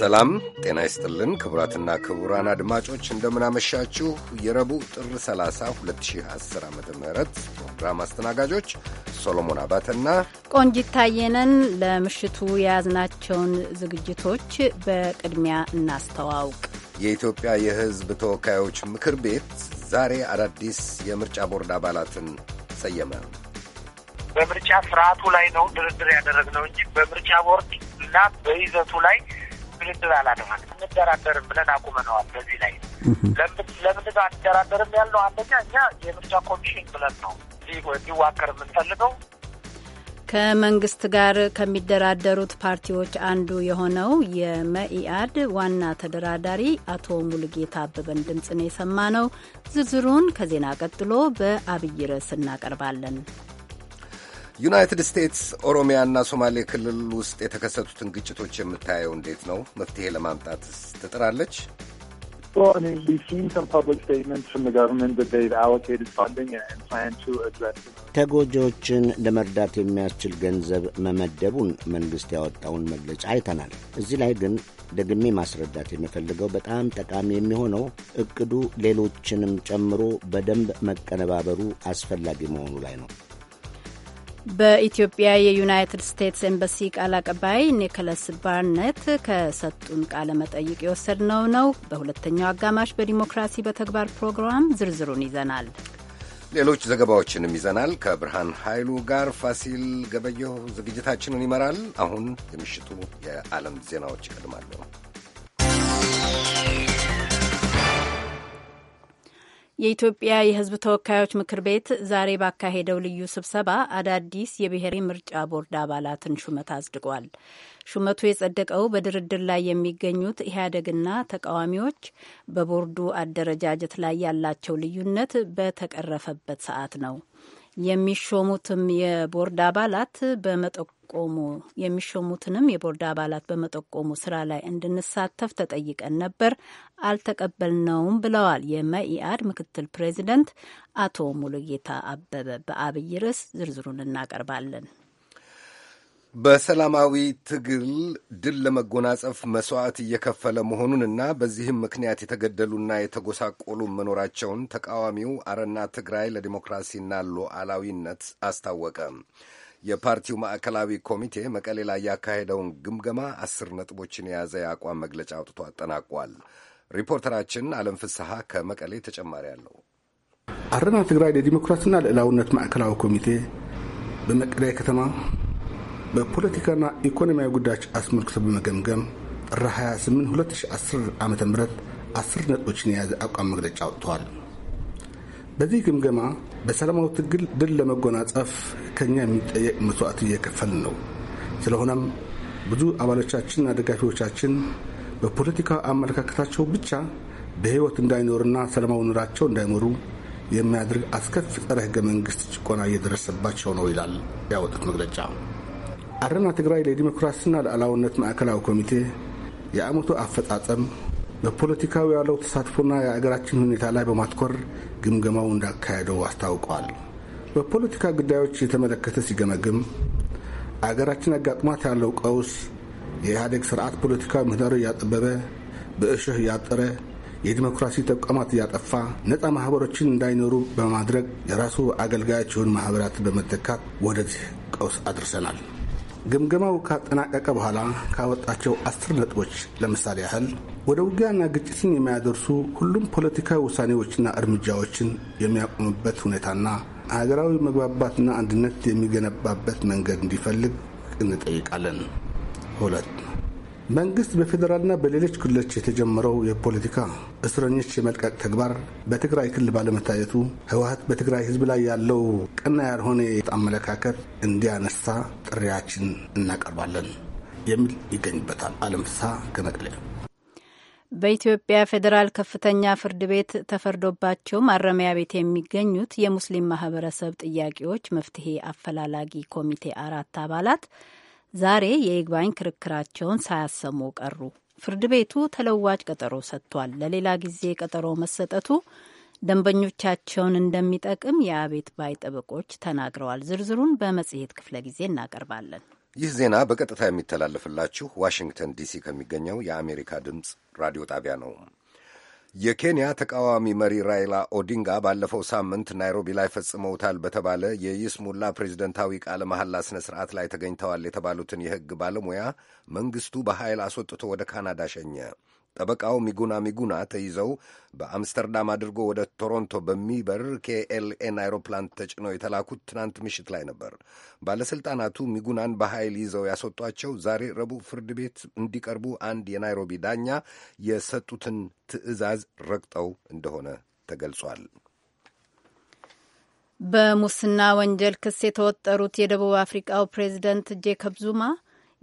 ሰላም ጤና ይስጥልን ክቡራትና ክቡራን አድማጮች እንደምናመሻችሁ። የረቡዕ ጥር 30 2010 ዓ ም ፕሮግራም አስተናጋጆች ሶሎሞን አባተና ቆንጂት ታየነን። ለምሽቱ የያዝናቸውን ዝግጅቶች በቅድሚያ እናስተዋውቅ። የኢትዮጵያ የህዝብ ተወካዮች ምክር ቤት ዛሬ አዳዲስ የምርጫ ቦርድ አባላትን ሰየመ። በምርጫ ስርዓቱ ላይ ነው ድርድር ያደረግነው እንጂ በምርጫ ቦርድ እና በይዘቱ ላይ ድርድር አላደረግንም። እንደራደርም ብለን አቁመነዋል። በዚህ ላይ ለምን አንደራደርም ያልነው አንደኛ እኛ የምርጫ ኮሚሽን ብለን ነው እንዲዋቀር የምንፈልገው። ከመንግስት ጋር ከሚደራደሩት ፓርቲዎች አንዱ የሆነው የመኢአድ ዋና ተደራዳሪ አቶ ሙሉጌታ አበበን ድምፅ ነው የሰማነው። ዝርዝሩን ከዜና ቀጥሎ በአብይ ርዕስ እናቀርባለን። ዩናይትድ ስቴትስ ኦሮሚያና ሶማሌ ክልል ውስጥ የተከሰቱትን ግጭቶች የምታየው እንዴት ነው? መፍትሄ ለማምጣት ትጥራለች? ተጎጂዎችን ለመርዳት የሚያስችል ገንዘብ መመደቡን መንግሥት ያወጣውን መግለጫ አይተናል። እዚህ ላይ ግን ደግሜ ማስረዳት የምፈልገው በጣም ጠቃሚ የሚሆነው እቅዱ ሌሎችንም ጨምሮ በደንብ መቀነባበሩ አስፈላጊ መሆኑ ላይ ነው። በኢትዮጵያ የዩናይትድ ስቴትስ ኤምባሲ ቃል አቀባይ ኒኮለስ ባርነት ከሰጡን ቃለ መጠይቅ የወሰድነው ነው። በሁለተኛው አጋማሽ በዲሞክራሲ በተግባር ፕሮግራም ዝርዝሩን ይዘናል። ሌሎች ዘገባዎችንም ይዘናል። ከብርሃን ኃይሉ ጋር ፋሲል ገበየሁ ዝግጅታችንን ይመራል። አሁን የምሽቱ የዓለም ዜናዎች ይቀድማሉ። የኢትዮጵያ የሕዝብ ተወካዮች ምክር ቤት ዛሬ ባካሄደው ልዩ ስብሰባ አዳዲስ የብሔራዊ ምርጫ ቦርድ አባላትን ሹመት አጽድቋል። ሹመቱ የጸደቀው በድርድር ላይ የሚገኙት ኢህአዴግና ተቃዋሚዎች በቦርዱ አደረጃጀት ላይ ያላቸው ልዩነት በተቀረፈበት ሰዓት ነው። የሚሾሙትም የቦርድ አባላት በመጠቆ በመጠቆሙ የሚሾሙትንም የቦርድ አባላት በመጠቆሙ ስራ ላይ እንድንሳተፍ ተጠይቀን ነበር፣ አልተቀበልነውም ብለዋል የመኢአድ ምክትል ፕሬዚደንት አቶ ሙሉጌታ አበበ። በአብይ ርዕስ ዝርዝሩን እናቀርባለን። በሰላማዊ ትግል ድል ለመጎናጸፍ መስዋዕት እየከፈለ መሆኑንና በዚህም ምክንያት የተገደሉና የተጎሳቆሉ መኖራቸውን ተቃዋሚው አረና ትግራይ ለዲሞክራሲና ሉዓላዊነት አስታወቀ። የፓርቲው ማዕከላዊ ኮሚቴ መቀሌ ላይ ያካሄደውን ግምገማ አስር ነጥቦችን የያዘ የአቋም መግለጫ አውጥቶ አጠናቋል። ሪፖርተራችን አለም ፍስሐ ከመቀሌ ተጨማሪ አለው። አረና ትግራይ ለዲሞክራሲና ልዕላውነት ማዕከላዊ ኮሚቴ በመቀሌ ከተማ በፖለቲካና ኢኮኖሚያዊ ጉዳዮች አስመልክቶ በመገምገም ጥር 28 2010 ዓ ም አስር ነጥቦችን የያዘ አቋም መግለጫ አውጥተዋል። በዚህ ግምገማ በሰላማዊ ትግል ድል ለመጎናጸፍ ከኛ የሚጠየቅ መስዋዕት እየከፈል ነው። ስለሆነም ብዙ አባሎቻችንና ደጋፊዎቻችን በፖለቲካ አመለካከታቸው ብቻ በህይወት እንዳይኖርና ሰላማዊ ኑራቸው እንዳይኖሩ የሚያደርግ አስከፊ ጸረ ህገ መንግስት ጭቆና እየደረሰባቸው ነው ይላል ያወጡት መግለጫ። አረና ትግራይ ለዲሞክራሲና ለአላውነት ማዕከላዊ ኮሚቴ የአመቱ አፈጻጸም በፖለቲካው ያለው ተሳትፎና የአገራችን ሁኔታ ላይ በማትኮር ግምገማው እንዳካሄደው አስታውቀዋል። በፖለቲካ ጉዳዮች የተመለከተ ሲገመግም አገራችን አጋጥሟት ያለው ቀውስ የኢህአዴግ ስርዓት ፖለቲካዊ ምህዳሩ እያጠበበ በእሽህ እያጠረ የዲሞክራሲ ተቋማት እያጠፋ ነፃ ማህበሮችን እንዳይኖሩ በማድረግ የራሱ አገልጋዮች የሆኑ ማህበራትን በመተካት ወደዚህ ቀውስ አድርሰናል። ግምገማው ካጠናቀቀ በኋላ ካወጣቸው አስር ነጥቦች ለምሳሌ ያህል ወደ ውጊያና ግጭትን የሚያደርሱ ሁሉም ፖለቲካዊ ውሳኔዎችና እርምጃዎችን የሚያቆምበት ሁኔታና ሀገራዊ መግባባትና አንድነት የሚገነባበት መንገድ እንዲፈልግ እንጠይቃለን። ሁለት መንግስት በፌዴራልና በሌሎች ክልሎች የተጀመረው የፖለቲካ እስረኞች የመልቀቅ ተግባር በትግራይ ክልል ባለመታየቱ ህወሀት በትግራይ ህዝብ ላይ ያለው ቀና ያልሆነ አመለካከት እንዲያነሳ ጥሪያችን እናቀርባለን የሚል ይገኝበታል። አለም ፍስሀ ከመቀሌ። በኢትዮጵያ ፌዴራል ከፍተኛ ፍርድ ቤት ተፈርዶባቸው ማረሚያ ቤት የሚገኙት የሙስሊም ማህበረሰብ ጥያቄዎች መፍትሄ አፈላላጊ ኮሚቴ አራት አባላት ዛሬ የይግባኝ ክርክራቸውን ሳያሰሙ ቀሩ። ፍርድ ቤቱ ተለዋጭ ቀጠሮ ሰጥቷል። ለሌላ ጊዜ ቀጠሮ መሰጠቱ ደንበኞቻቸውን እንደሚጠቅም የአቤት ባይ ጠበቆች ተናግረዋል። ዝርዝሩን በመጽሔት ክፍለ ጊዜ እናቀርባለን። ይህ ዜና በቀጥታ የሚተላለፍላችሁ ዋሽንግተን ዲሲ ከሚገኘው የአሜሪካ ድምፅ ራዲዮ ጣቢያ ነው። የኬንያ ተቃዋሚ መሪ ራይላ ኦዲንጋ ባለፈው ሳምንት ናይሮቢ ላይ ፈጽመውታል በተባለ የይስሙላ ፕሬዝደንታዊ ቃለ መሐላ ስነ ስርዓት ላይ ተገኝተዋል የተባሉትን የሕግ ባለሙያ መንግስቱ በኃይል አስወጥቶ ወደ ካናዳ ሸኘ። ጠበቃው ሚጉና ሚጉና ተይዘው በአምስተርዳም አድርጎ ወደ ቶሮንቶ በሚበር ኬኤልኤን አይሮፕላን ተጭነው የተላኩት ትናንት ምሽት ላይ ነበር። ባለሥልጣናቱ ሚጉናን በኃይል ይዘው ያስወጧቸው ዛሬ ረቡዕ ፍርድ ቤት እንዲቀርቡ አንድ የናይሮቢ ዳኛ የሰጡትን ትዕዛዝ ረግጠው እንደሆነ ተገልጿል። በሙስና ወንጀል ክስ የተወጠሩት የደቡብ አፍሪቃው ፕሬዚደንት ጄኮብ ዙማ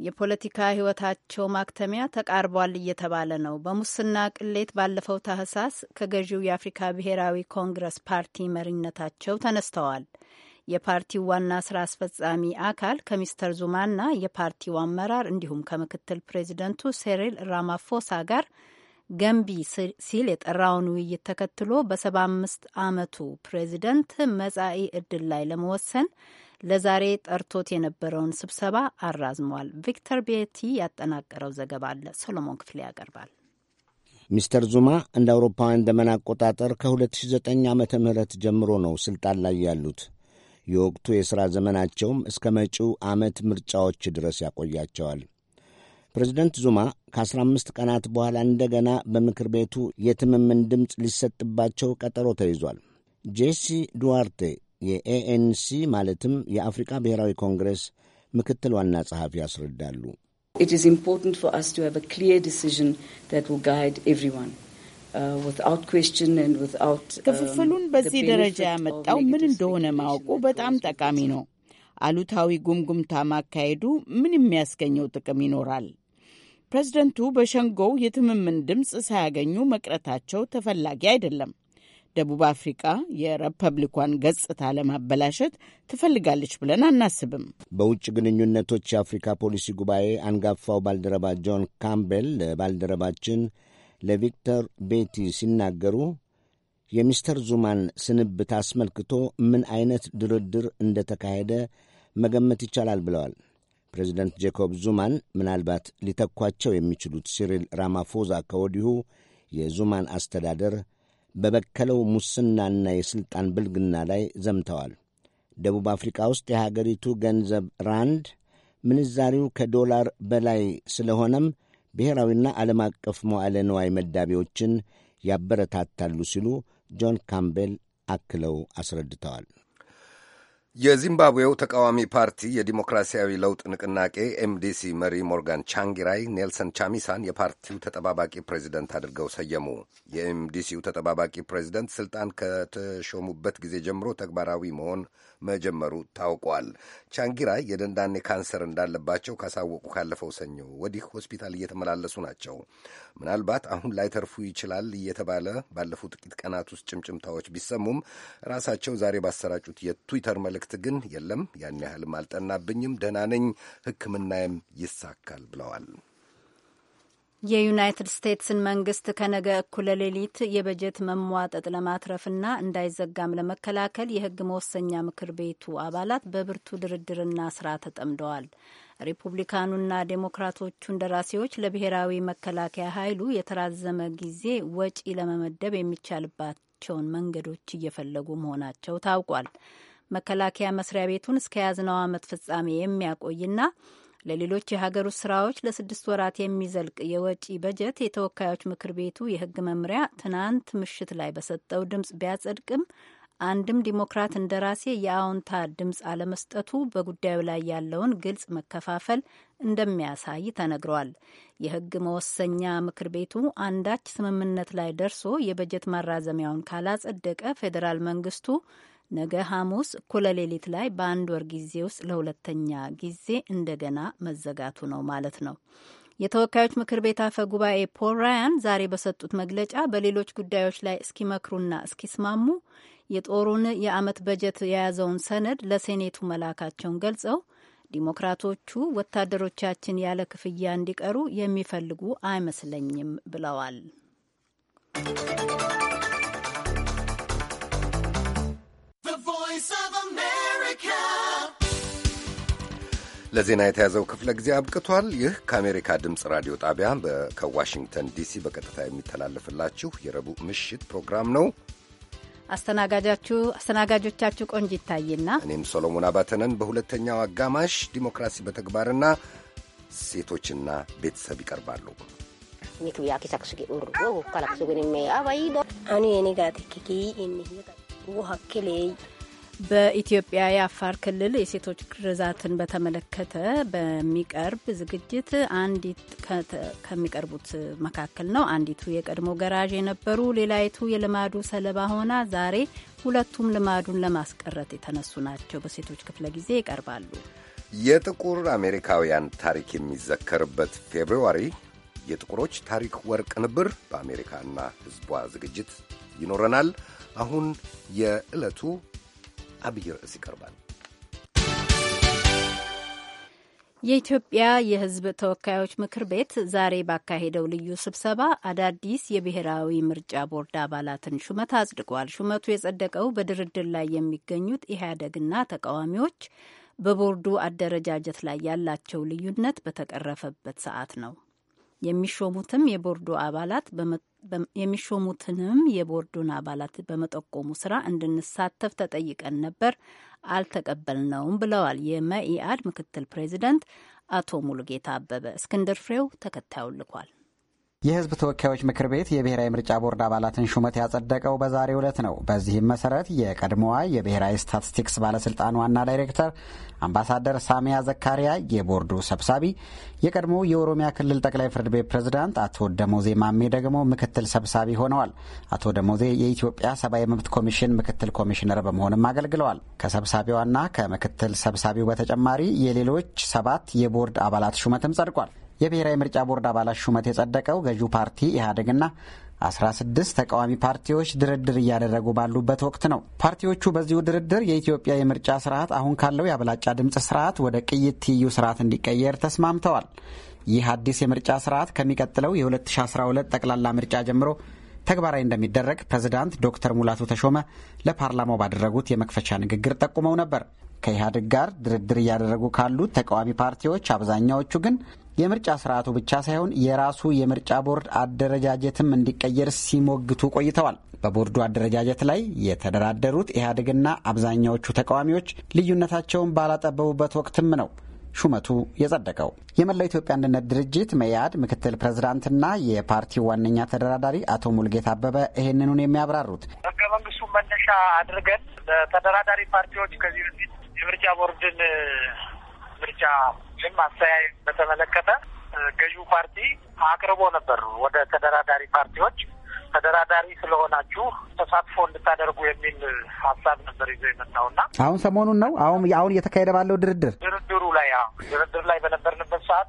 የፖለቲካ ህይወታቸው ማክተሚያ ተቃርቧል እየተባለ ነው። በሙስና ቅሌት ባለፈው ታህሳስ ከገዢው የአፍሪካ ብሔራዊ ኮንግረስ ፓርቲ መሪነታቸው ተነስተዋል። የፓርቲው ዋና ስራ አስፈጻሚ አካል ከሚስተር ዙማና የፓርቲው አመራር እንዲሁም ከምክትል ፕሬዚደንቱ ሴሪል ራማፎሳ ጋር ገንቢ ሲል የጠራውን ውይይት ተከትሎ በሰባ አምስት አመቱ ፕሬዚደንት መጻኢ እድል ላይ ለመወሰን ለዛሬ ጠርቶት የነበረውን ስብሰባ አራዝሟል። ቪክተር ቤቲ ያጠናቀረው ዘገባ አለ፣ ሰሎሞን ክፍሌ ያቀርባል። ሚስተር ዙማ እንደ አውሮፓውያን ዘመን አቆጣጠር ከ2009 ዓ ም ጀምሮ ነው ስልጣን ላይ ያሉት። የወቅቱ የሥራ ዘመናቸውም እስከ መጪው ዓመት ምርጫዎች ድረስ ያቆያቸዋል። ፕሬዚደንት ዙማ ከ15 ቀናት በኋላ እንደገና በምክር ቤቱ የትምምን ድምፅ ሊሰጥባቸው ቀጠሮ ተይዟል። ጄሲ ዱዋርቴ የኤኤንሲ ማለትም የአፍሪካ ብሔራዊ ኮንግረስ ምክትል ዋና ጸሐፊ ያስረዳሉ። uh, um, ክፍፍሉን በዚህ ደረጃ ያመጣው ምን እንደሆነ ማወቁ በጣም ጠቃሚ ነው። አሉታዊ ጉምጉምታ ማካሄዱ ምን የሚያስገኘው ጥቅም ይኖራል? ፕሬዝደንቱ በሸንጎው የትምምን ድምፅ ሳያገኙ መቅረታቸው ተፈላጊ አይደለም። ደቡብ አፍሪካ የሪፐብሊኳን ገጽታ ለማበላሸት ትፈልጋለች ብለን አናስብም። በውጭ ግንኙነቶች የአፍሪካ ፖሊሲ ጉባኤ አንጋፋው ባልደረባ ጆን ካምቤል ለባልደረባችን ለቪክተር ቤቲ ሲናገሩ የሚስተር ዙማን ስንብት አስመልክቶ ምን አይነት ድርድር እንደተካሄደ መገመት ይቻላል ብለዋል። ፕሬዚደንት ጄኮብ ዙማን ምናልባት ሊተኳቸው የሚችሉት ሲሪል ራማፎዛ ከወዲሁ የዙማን አስተዳደር በበከለው ሙስናና የሥልጣን ብልግና ላይ ዘምተዋል። ደቡብ አፍሪካ ውስጥ የሀገሪቱ ገንዘብ ራንድ ምንዛሪው ከዶላር በላይ ስለሆነም ብሔራዊና ዓለም አቀፍ መዋለ ንዋይ መዳቢዎችን ያበረታታሉ ሲሉ ጆን ካምቤል አክለው አስረድተዋል። የዚምባብዌው ተቃዋሚ ፓርቲ የዲሞክራሲያዊ ለውጥ ንቅናቄ ኤምዲሲ መሪ ሞርጋን ቻንጊራይ ኔልሰን ቻሚሳን የፓርቲው ተጠባባቂ ፕሬዚደንት አድርገው ሰየሙ። የኤምዲሲው ተጠባባቂ ፕሬዚደንት ስልጣን ከተሾሙበት ጊዜ ጀምሮ ተግባራዊ መሆን መጀመሩ ታውቋል። ቻንጊራ የደንዳኔ ካንሰር እንዳለባቸው ካሳወቁ ካለፈው ሰኞ ወዲህ ሆስፒታል እየተመላለሱ ናቸው። ምናልባት አሁን ላይ ተርፉ ይችላል እየተባለ ባለፉ ጥቂት ቀናት ውስጥ ጭምጭምታዎች ቢሰሙም ራሳቸው ዛሬ ባሰራጩት የትዊተር መልእክት ግን የለም ያን ያህልም አልጠናብኝም፣ ደህና ነኝ፣ ሕክምናዬም ይሳካል ብለዋል። የዩናይትድ ስቴትስን መንግስት ከነገ እኩለ ሌሊት የበጀት መሟጠጥ ለማትረፍና እንዳይዘጋም ለመከላከል የህግ መወሰኛ ምክር ቤቱ አባላት በብርቱ ድርድርና ስራ ተጠምደዋል። ሪፑብሊካኑና ዴሞክራቶቹ እንደራሴዎች ለብሔራዊ መከላከያ ኃይሉ የተራዘመ ጊዜ ወጪ ለመመደብ የሚቻልባቸውን መንገዶች እየፈለጉ መሆናቸው ታውቋል። መከላከያ መስሪያ ቤቱን እስከ ያዝነው ዓመት ፍጻሜ የሚያቆይና ለሌሎች የሀገር ውስጥ ስራዎች ለስድስት ወራት የሚዘልቅ የወጪ በጀት የተወካዮች ምክር ቤቱ የህግ መምሪያ ትናንት ምሽት ላይ በሰጠው ድምፅ ቢያጸድቅም አንድም ዲሞክራት እንደራሴ የአዎንታ ድምፅ አለመስጠቱ በጉዳዩ ላይ ያለውን ግልጽ መከፋፈል እንደሚያሳይ ተነግሯል። የህግ መወሰኛ ምክር ቤቱ አንዳች ስምምነት ላይ ደርሶ የበጀት ማራዘሚያውን ካላጸደቀ ፌዴራል መንግስቱ ነገ ሐሙስ እኩለ ሌሊት ላይ በአንድ ወር ጊዜ ውስጥ ለሁለተኛ ጊዜ እንደገና መዘጋቱ ነው ማለት ነው። የተወካዮች ምክር ቤት አፈ ጉባኤ ፖል ራያን ዛሬ በሰጡት መግለጫ በሌሎች ጉዳዮች ላይ እስኪመክሩና እስኪስማሙ የጦሩን የአመት በጀት የያዘውን ሰነድ ለሴኔቱ መላካቸውን ገልጸው ዲሞክራቶቹ ወታደሮቻችን ያለ ክፍያ እንዲቀሩ የሚፈልጉ አይመስለኝም ብለዋል። ለዜና የተያዘው ክፍለ ጊዜ አብቅቷል። ይህ ከአሜሪካ ድምፅ ራዲዮ ጣቢያ ከዋሽንግተን ዲሲ በቀጥታ የሚተላለፍላችሁ የረቡዕ ምሽት ፕሮግራም ነው። አስተናጋጃችሁ አስተናጋጆቻችሁ ቆንጅ ይታይና እኔም ሶሎሞን አባተነን። በሁለተኛው አጋማሽ ዲሞክራሲ በተግባርና ሴቶችና ቤተሰብ ይቀርባሉ። በኢትዮጵያ የአፋር ክልል የሴቶች ግርዛትን በተመለከተ በሚቀርብ ዝግጅት አንዲት ከሚቀርቡት መካከል ነው። አንዲቱ የቀድሞ ገራዥ የነበሩ ሌላይቱ የልማዱ ሰለባ ሆና ዛሬ ሁለቱም ልማዱን ለማስቀረት የተነሱ ናቸው። በሴቶች ክፍለ ጊዜ ይቀርባሉ። የጥቁር አሜሪካውያን ታሪክ የሚዘከርበት ፌብርዋሪ የጥቁሮች ታሪክ ወር ቅንብር በአሜሪካና ሕዝቧ ዝግጅት ይኖረናል። አሁን የዕለቱ አብይ ርዕስ ይቀርባል። የኢትዮጵያ የሕዝብ ተወካዮች ምክር ቤት ዛሬ ባካሄደው ልዩ ስብሰባ አዳዲስ የብሔራዊ ምርጫ ቦርድ አባላትን ሹመት አጽድቋል። ሹመቱ የጸደቀው በድርድር ላይ የሚገኙት ኢህአዴግና ተቃዋሚዎች በቦርዱ አደረጃጀት ላይ ያላቸው ልዩነት በተቀረፈበት ሰዓት ነው። የሚሾሙትም የቦርዱ አባላት የሚሾሙትንም የቦርዱን አባላት በመጠቆሙ ስራ እንድንሳተፍ ተጠይቀን ነበር፣ አልተቀበልነውም ብለዋል የመኢአድ ምክትል ፕሬዚደንት አቶ ሙሉጌታ አበበ። እስክንድር ፍሬው ተከታዩን ልኳል። የህዝብ ተወካዮች ምክር ቤት የብሔራዊ ምርጫ ቦርድ አባላትን ሹመት ያጸደቀው በዛሬው ዕለት ነው። በዚህም መሰረት የቀድሞዋ የብሔራዊ ስታቲስቲክስ ባለስልጣን ዋና ዳይሬክተር አምባሳደር ሳሚያ ዘካሪያ የቦርዱ ሰብሳቢ፣ የቀድሞው የኦሮሚያ ክልል ጠቅላይ ፍርድ ቤት ፕሬዝዳንት አቶ ደሞዜ ማሜ ደግሞ ምክትል ሰብሳቢ ሆነዋል። አቶ ደሞዜ የኢትዮጵያ ሰብአዊ መብት ኮሚሽን ምክትል ኮሚሽነር በመሆንም አገልግለዋል። ከሰብሳቢዋና ከምክትል ሰብሳቢው በተጨማሪ የሌሎች ሰባት የቦርድ አባላት ሹመትም ጸድቋል። የብሔራዊ ምርጫ ቦርድ አባላት ሹመት የጸደቀው ገዢው ፓርቲ ኢህአዴግና 16 ተቃዋሚ ፓርቲዎች ድርድር እያደረጉ ባሉበት ወቅት ነው። ፓርቲዎቹ በዚሁ ድርድር የኢትዮጵያ የምርጫ ስርዓት አሁን ካለው የአብላጫ ድምፅ ስርዓት ወደ ቅይት ትይዩ ስርዓት እንዲቀየር ተስማምተዋል። ይህ አዲስ የምርጫ ስርዓት ከሚቀጥለው የ2012 ጠቅላላ ምርጫ ጀምሮ ተግባራዊ እንደሚደረግ ፕሬዝዳንት ዶክተር ሙላቱ ተሾመ ለፓርላማው ባደረጉት የመክፈቻ ንግግር ጠቁመው ነበር። ከኢህአዴግ ጋር ድርድር እያደረጉ ካሉት ተቃዋሚ ፓርቲዎች አብዛኛዎቹ ግን የምርጫ ስርዓቱ ብቻ ሳይሆን የራሱ የምርጫ ቦርድ አደረጃጀትም እንዲቀየር ሲሞግቱ ቆይተዋል። በቦርዱ አደረጃጀት ላይ የተደራደሩት ኢህአዴግና አብዛኛዎቹ ተቃዋሚዎች ልዩነታቸውን ባላጠበቡበት ወቅትም ነው ሹመቱ የጸደቀው። የመላው ኢትዮጵያ አንድነት ድርጅት መኢአድ ምክትል ፕሬዝዳንትና የፓርቲው ዋነኛ ተደራዳሪ አቶ ሙልጌታ አበበ ይህንኑን የሚያብራሩት ህገ መንግስቱን መነሻ አድርገን ለተደራዳሪ ፓርቲዎች ከዚህ በፊት የምርጫ ቦርድን ምርጫ ወይም አስተያየት በተመለከተ ገዢው ፓርቲ አቅርቦ ነበር ወደ ተደራዳሪ ፓርቲዎች ተደራዳሪ ስለሆናችሁ ተሳትፎ እንድታደርጉ የሚል ሀሳብ ነበር ይዞ የመጣው እና አሁን ሰሞኑን ነው አሁን አሁን እየተካሄደ ባለው ድርድር ድርድሩ ላይ ድርድር ላይ በነበርንበት ሰዓት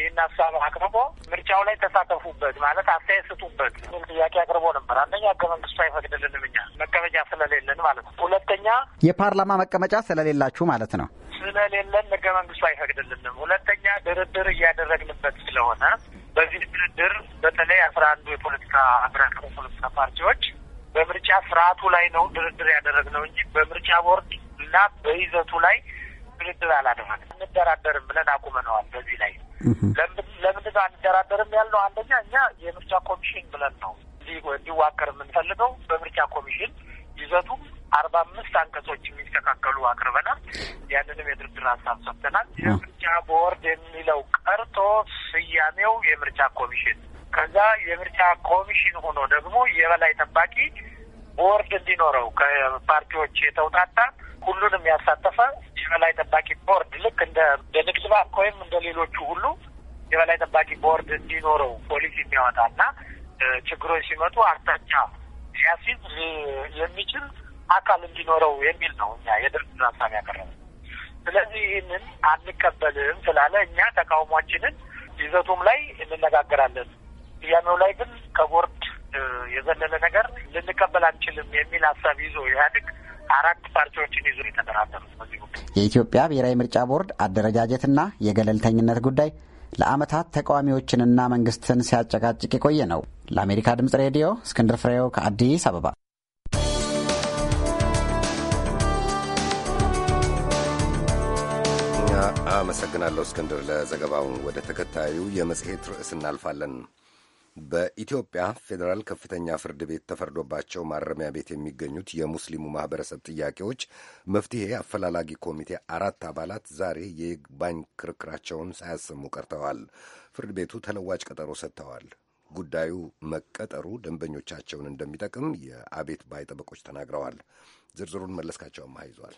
ይህን ሀሳብ አቅርቦ ምርጫው ላይ ተሳተፉበት ማለት አስተያየት ስጡበት የሚል ጥያቄ አቅርቦ ነበር። አንደኛ ህገ መንግስቱ አይፈቅድልንም እኛ መቀመጫ ስለሌለን ማለት ነው። ሁለተኛ የፓርላማ መቀመጫ ስለሌላችሁ ማለት ነው። ስለሌለን ህገ መንግስቱ አይፈቅድልንም። ሁለተኛ ድርድር እያደረግንበት ስለሆነ በዚህ ድርድር በተለይ አስራ አንዱ የፖለቲካ አገራት የፖለቲካ ፓርቲዎች በምርጫ ስርዓቱ ላይ ነው ድርድር ያደረግነው እንጂ በምርጫ ቦርድ እና በይዘቱ ላይ ድርድር አላደረግንም። አንደራደርም ብለን አቁመነዋል። በዚህ ላይ ለምንድን ነው አንደራደርም ያልነው? አንደኛ እኛ የምርጫ ኮሚሽን ብለን ነው እንዲዋቀር የምንፈልገው በምርጫ ኮሚሽን ይዘቱም አርባ አምስት አንቀጾች የሚስተካከሉ አቅርበናል። ያንንም የድርድር ሀሳብ ሰጥተናል። የምርጫ ቦርድ የሚለው ቀርቶ ስያሜው የምርጫ ኮሚሽን ከዛ የምርጫ ኮሚሽን ሆኖ ደግሞ የበላይ ጠባቂ ቦርድ እንዲኖረው ከፓርቲዎች የተውጣጣ ሁሉንም ያሳተፈ የበላይ ጠባቂ ቦርድ ልክ እንደ በንግድ ባንክ ወይም እንደ ሌሎቹ ሁሉ የበላይ ጠባቂ ቦርድ እንዲኖረው ፖሊሲ የሚያወጣና ችግሮች ሲመጡ አቅጣጫ ሊያስይዝ የሚችል አካል እንዲኖረው የሚል ነው እኛ የድርድር ሀሳብ ያቀረበ። ስለዚህ ይህንን አንቀበልም ስላለ እኛ ተቃውሟችንን ይዘቱም ላይ እንነጋገራለን፣ ስያሜው ላይ ግን ከቦርድ የዘለለ ነገር ልንቀበል አንችልም የሚል ሀሳብ ይዞ ኢህአዴግ አራት ፓርቲዎችን ይዞ የተደራደሩ በዚህ የኢትዮጵያ ብሔራዊ ምርጫ ቦርድ አደረጃጀትና የገለልተኝነት ጉዳይ ለአመታት ተቃዋሚዎችንና መንግስትን ሲያጨቃጭቅ የቆየ ነው። ለአሜሪካ ድምጽ ሬዲዮ እስክንድር ፍሬው ከአዲስ አበባ አመሰግናለሁ እስክንድር ለዘገባው። ወደ ተከታዩ የመጽሔት ርዕስ እናልፋለን። በኢትዮጵያ ፌዴራል ከፍተኛ ፍርድ ቤት ተፈርዶባቸው ማረሚያ ቤት የሚገኙት የሙስሊሙ ማኅበረሰብ ጥያቄዎች መፍትሔ አፈላላጊ ኮሚቴ አራት አባላት ዛሬ የይግባኝ ክርክራቸውን ሳያሰሙ ቀርተዋል። ፍርድ ቤቱ ተለዋጭ ቀጠሮ ሰጥተዋል። ጉዳዩ መቀጠሩ ደንበኞቻቸውን እንደሚጠቅም የአቤት ባይ ጠበቆች ተናግረዋል። ዝርዝሩን መለስካቸው ይዟል።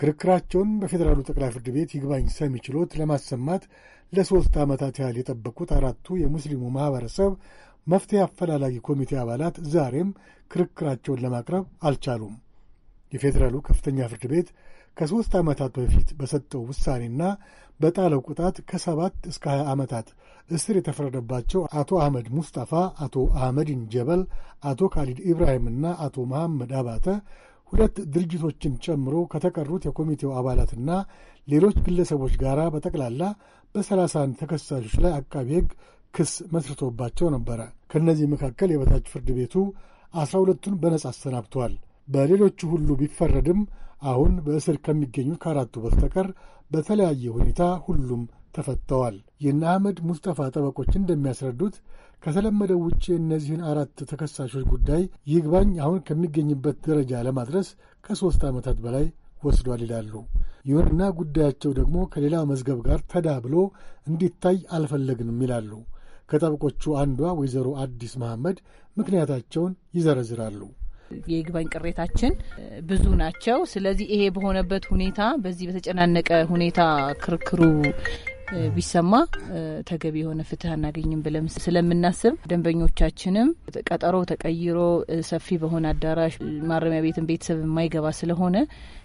ክርክራቸውን በፌዴራሉ ጠቅላይ ፍርድ ቤት ይግባኝ ሰሚ ችሎት ለማሰማት ለሦስት ዓመታት ያህል የጠበቁት አራቱ የሙስሊሙ ማኅበረሰብ መፍትሄ አፈላላጊ ኮሚቴ አባላት ዛሬም ክርክራቸውን ለማቅረብ አልቻሉም። የፌዴራሉ ከፍተኛ ፍርድ ቤት ከሦስት ዓመታት በፊት በሰጠው ውሳኔና በጣለው ቅጣት ከሰባት እስከ ሀያ ዓመታት እስር የተፈረደባቸው አቶ አህመድ ሙስጠፋ፣ አቶ አህመዲን ጀበል፣ አቶ ካሊድ ኢብራሂምና አቶ መሐመድ አባተ ሁለት ድርጅቶችን ጨምሮ ከተቀሩት የኮሚቴው አባላትና ሌሎች ግለሰቦች ጋር በጠቅላላ በሰላሳን ተከሳሾች ላይ አቃቢ ሕግ ክስ መስርቶባቸው ነበረ። ከእነዚህ መካከል የበታች ፍርድ ቤቱ አስራ ሁለቱን በነጻ አሰናብቷል። በሌሎቹ ሁሉ ቢፈረድም አሁን በእስር ከሚገኙት ከአራቱ በስተቀር በተለያየ ሁኔታ ሁሉም ተፈተዋል። የነ አህመድ ሙስጠፋ ጠበቆች እንደሚያስረዱት ከተለመደው ውጭ የእነዚህን አራት ተከሳሾች ጉዳይ ይግባኝ አሁን ከሚገኝበት ደረጃ ለማድረስ ከሦስት ዓመታት በላይ ወስዷል ይላሉ። ይሁንና ጉዳያቸው ደግሞ ከሌላ መዝገብ ጋር ተዳብሎ እንዲታይ አልፈለግንም ይላሉ። ከጠበቆቹ አንዷ ወይዘሮ አዲስ መሐመድ ምክንያታቸውን ይዘረዝራሉ። የይግባኝ ቅሬታችን ብዙ ናቸው። ስለዚህ ይሄ በሆነበት ሁኔታ በዚህ በተጨናነቀ ሁኔታ ክርክሩ ቢሰማ ተገቢ የሆነ ፍትህ አናገኝም ብለን ስለምናስብ ደንበኞቻችንም ቀጠሮ ተቀይሮ ሰፊ በሆነ አዳራሽ ማረሚያ ቤትን ቤተሰብ የማይገባ ስለሆነ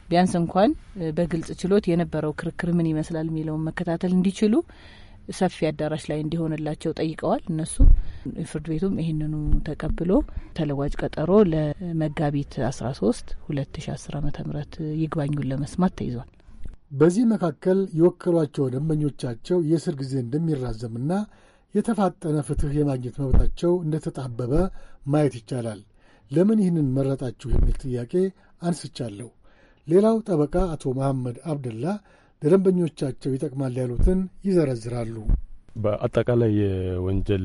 ቢያንስ እንኳን በግልጽ ችሎት የነበረው ክርክር ምን ይመስላል የሚለውን መከታተል እንዲችሉ ሰፊ አዳራሽ ላይ እንዲሆንላቸው ጠይቀዋል። እነሱ ፍርድ ቤቱም ይህንኑ ተቀብሎ ተለዋጭ ቀጠሮ ለመጋቢት አስራ ሶስት ሁለት ሺ አስር አመተ ምህረት ይግባኙን ለመስማት ተይዟል። በዚህ መካከል የወከሏቸው ደንበኞቻቸው የእስር ጊዜ እንደሚራዘምና የተፋጠነ ፍትሕ የማግኘት መብታቸው እንደተጣበበ ማየት ይቻላል። ለምን ይህንን መረጣችሁ የሚል ጥያቄ አንስቻለሁ። ሌላው ጠበቃ አቶ መሐመድ አብደላ ለደንበኞቻቸው ይጠቅማል ያሉትን ይዘረዝራሉ። በአጠቃላይ የወንጀል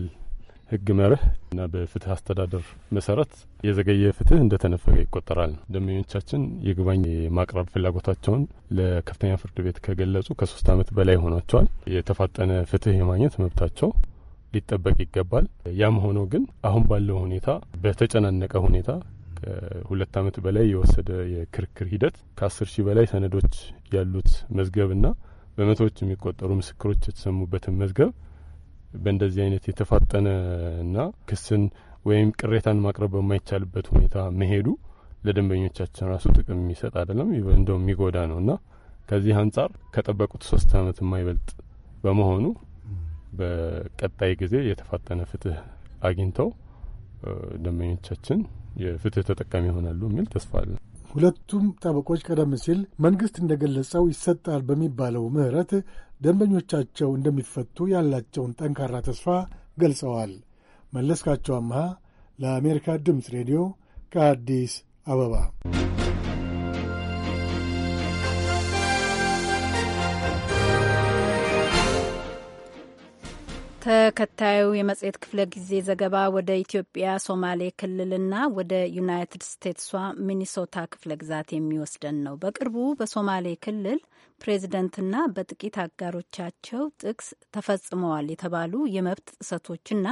ህግ መርህ እና በፍትህ አስተዳደር መሰረት የዘገየ ፍትህ እንደተነፈገ ይቆጠራል። ደንበኞቻችን ይግባኝ የማቅረብ ፍላጎታቸውን ለከፍተኛ ፍርድ ቤት ከገለጹ ከሶስት ዓመት በላይ ሆኗቸዋል። የተፋጠነ ፍትህ የማግኘት መብታቸው ሊጠበቅ ይገባል። ያም ሆኖ ግን አሁን ባለው ሁኔታ በተጨናነቀ ሁኔታ ከሁለት ዓመት በላይ የወሰደ የክርክር ሂደት ከአስር ሺህ በላይ ሰነዶች ያሉት መዝገብና በመቶዎች የሚቆጠሩ ምስክሮች የተሰሙበትን መዝገብ በእንደዚህ አይነት የተፋጠነ እና ክስን ወይም ቅሬታን ማቅረብ በማይቻልበት ሁኔታ መሄዱ ለደንበኞቻችን ራሱ ጥቅም የሚሰጥ አይደለም፣ እንደው የሚጎዳ ነው እና ከዚህ አንጻር ከጠበቁት ሶስት አመት የማይበልጥ በመሆኑ በቀጣይ ጊዜ የተፋጠነ ፍትህ አግኝተው ደንበኞቻችን የፍትህ ተጠቃሚ ይሆናሉ የሚል ተስፋ አለን። ሁለቱም ጠበቆች ቀደም ሲል መንግስት እንደገለጸው ይሰጣል በሚባለው ምህረት ደንበኞቻቸው እንደሚፈቱ ያላቸውን ጠንካራ ተስፋ ገልጸዋል። መለስካቸው አምሃ ለአሜሪካ ድምፅ ሬዲዮ ከአዲስ አበባ ተከታዩ የመጽሔት ክፍለ ጊዜ ዘገባ ወደ ኢትዮጵያ ሶማሌ ክልልና ወደ ዩናይትድ ስቴትሷ ሚኒሶታ ክፍለ ግዛት የሚወስደን ነው። በቅርቡ በሶማሌ ክልል ፕሬዝደንትና በጥቂት አጋሮቻቸው ጥቅስ ተፈጽመዋል የተባሉ የመብት ጥሰቶችና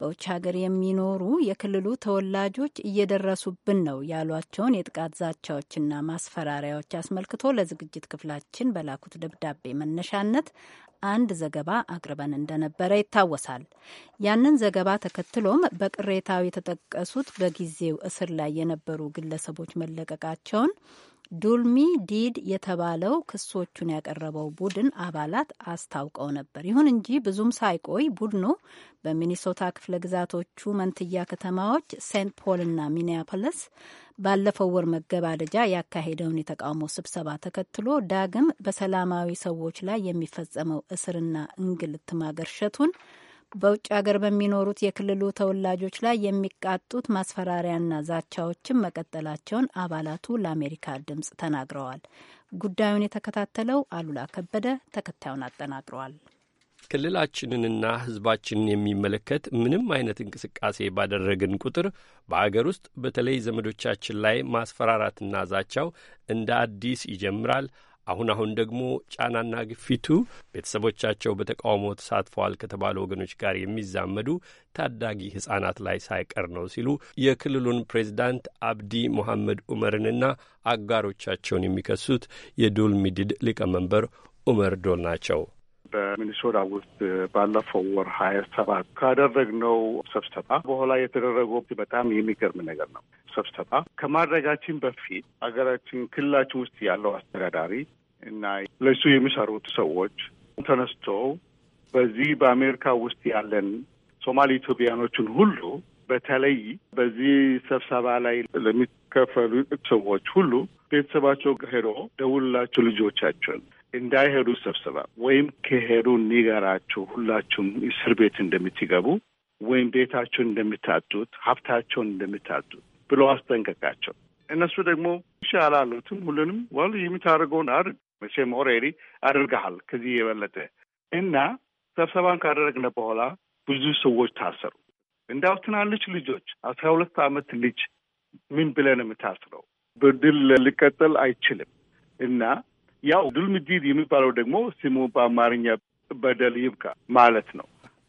በውጭ ሀገር የሚኖሩ የክልሉ ተወላጆች እየደረሱብን ነው ያሏቸውን የጥቃት ዛቻዎችና ማስፈራሪያዎች አስመልክቶ ለዝግጅት ክፍላችን በላኩት ደብዳቤ መነሻነት አንድ ዘገባ አቅርበን እንደነበረ ይታወሳል። ያንን ዘገባ ተከትሎም በቅሬታው የተጠቀሱት በጊዜው እስር ላይ የነበሩ ግለሰቦች መለቀቃቸውን ዱልሚ ዲድ የተባለው ክሶቹን ያቀረበው ቡድን አባላት አስታውቀው ነበር። ይሁን እንጂ ብዙም ሳይቆይ ቡድኑ በሚኒሶታ ክፍለ ግዛቶቹ መንትያ ከተማዎች ሴንት ፖልና ሚኒያፖሊስ ባለፈው ወር መገባደጃ ያካሄደውን የተቃውሞ ስብሰባ ተከትሎ ዳግም በሰላማዊ ሰዎች ላይ የሚፈጸመው እስርና እንግልት ማገርሸቱን በውጭ ሀገር በሚኖሩት የክልሉ ተወላጆች ላይ የሚቃጡት ማስፈራሪያና ዛቻዎችን መቀጠላቸውን አባላቱ ለአሜሪካ ድምጽ ተናግረዋል። ጉዳዩን የተከታተለው አሉላ ከበደ ተከታዩን አጠናቅረዋል። ክልላችንንና ሕዝባችንን የሚመለከት ምንም አይነት እንቅስቃሴ ባደረግን ቁጥር በአገር ውስጥ በተለይ ዘመዶቻችን ላይ ማስፈራራትና ዛቻው እንደ አዲስ ይጀምራል። አሁን አሁን ደግሞ ጫናና ግፊቱ ቤተሰቦቻቸው በተቃውሞ ተሳትፈዋል ከተባሉ ወገኖች ጋር የሚዛመዱ ታዳጊ ሕፃናት ላይ ሳይቀር ነው ሲሉ የክልሉን ፕሬዚዳንት አብዲ ሞሐመድ ዑመርንና አጋሮቻቸውን የሚከሱት የዱል ሚድድ ሊቀመንበር ዑመር ዶል ናቸው። በሚኒሶታ ውስጥ ባለፈው ወር ሀያ ሰባት ካደረግነው ስብሰባ በኋላ የተደረገው በጣም የሚገርም ነገር ነው። ስብሰባ ከማድረጋችን በፊት ሀገራችን ክልላችን ውስጥ ያለው አስተዳዳሪ እና ለሱ የሚሰሩት ሰዎች ተነስቶ በዚህ በአሜሪካ ውስጥ ያለን ሶማሌ ኢትዮጵያኖችን ሁሉ በተለይ በዚህ ስብሰባ ላይ ለሚከፈሉ ሰዎች ሁሉ ቤተሰባቸው ሄዶ ደውላቸው ልጆቻቸውን እንዳይሄዱ ስብሰባ ወይም ከሄዱ እኒገራችሁ ሁላችሁም እስር ቤት እንደምትገቡ ወይም ቤታቸውን እንደምታጡት ሀብታቸውን እንደምታጡት ብሎ አስጠንቀቃቸው። እነሱ ደግሞ ይሻል አሉትም ሁሉንም ዋሉ የምታደርገውን አድርግ መቼም ኦልሬዲ አድርገሃል ከዚህ የበለጠ እና ስብሰባን ካደረግነ በኋላ ብዙ ሰዎች ታሰሩ። እንዳው ትናንሽ ልጆች አስራ ሁለት ዓመት ልጅ ምን ብለን የምታስረው በድል ሊቀጠል አይችልም እና ያው ዱልምጂድ የሚባለው ደግሞ ስሙ በአማርኛ በደል ይብቃ ማለት ነው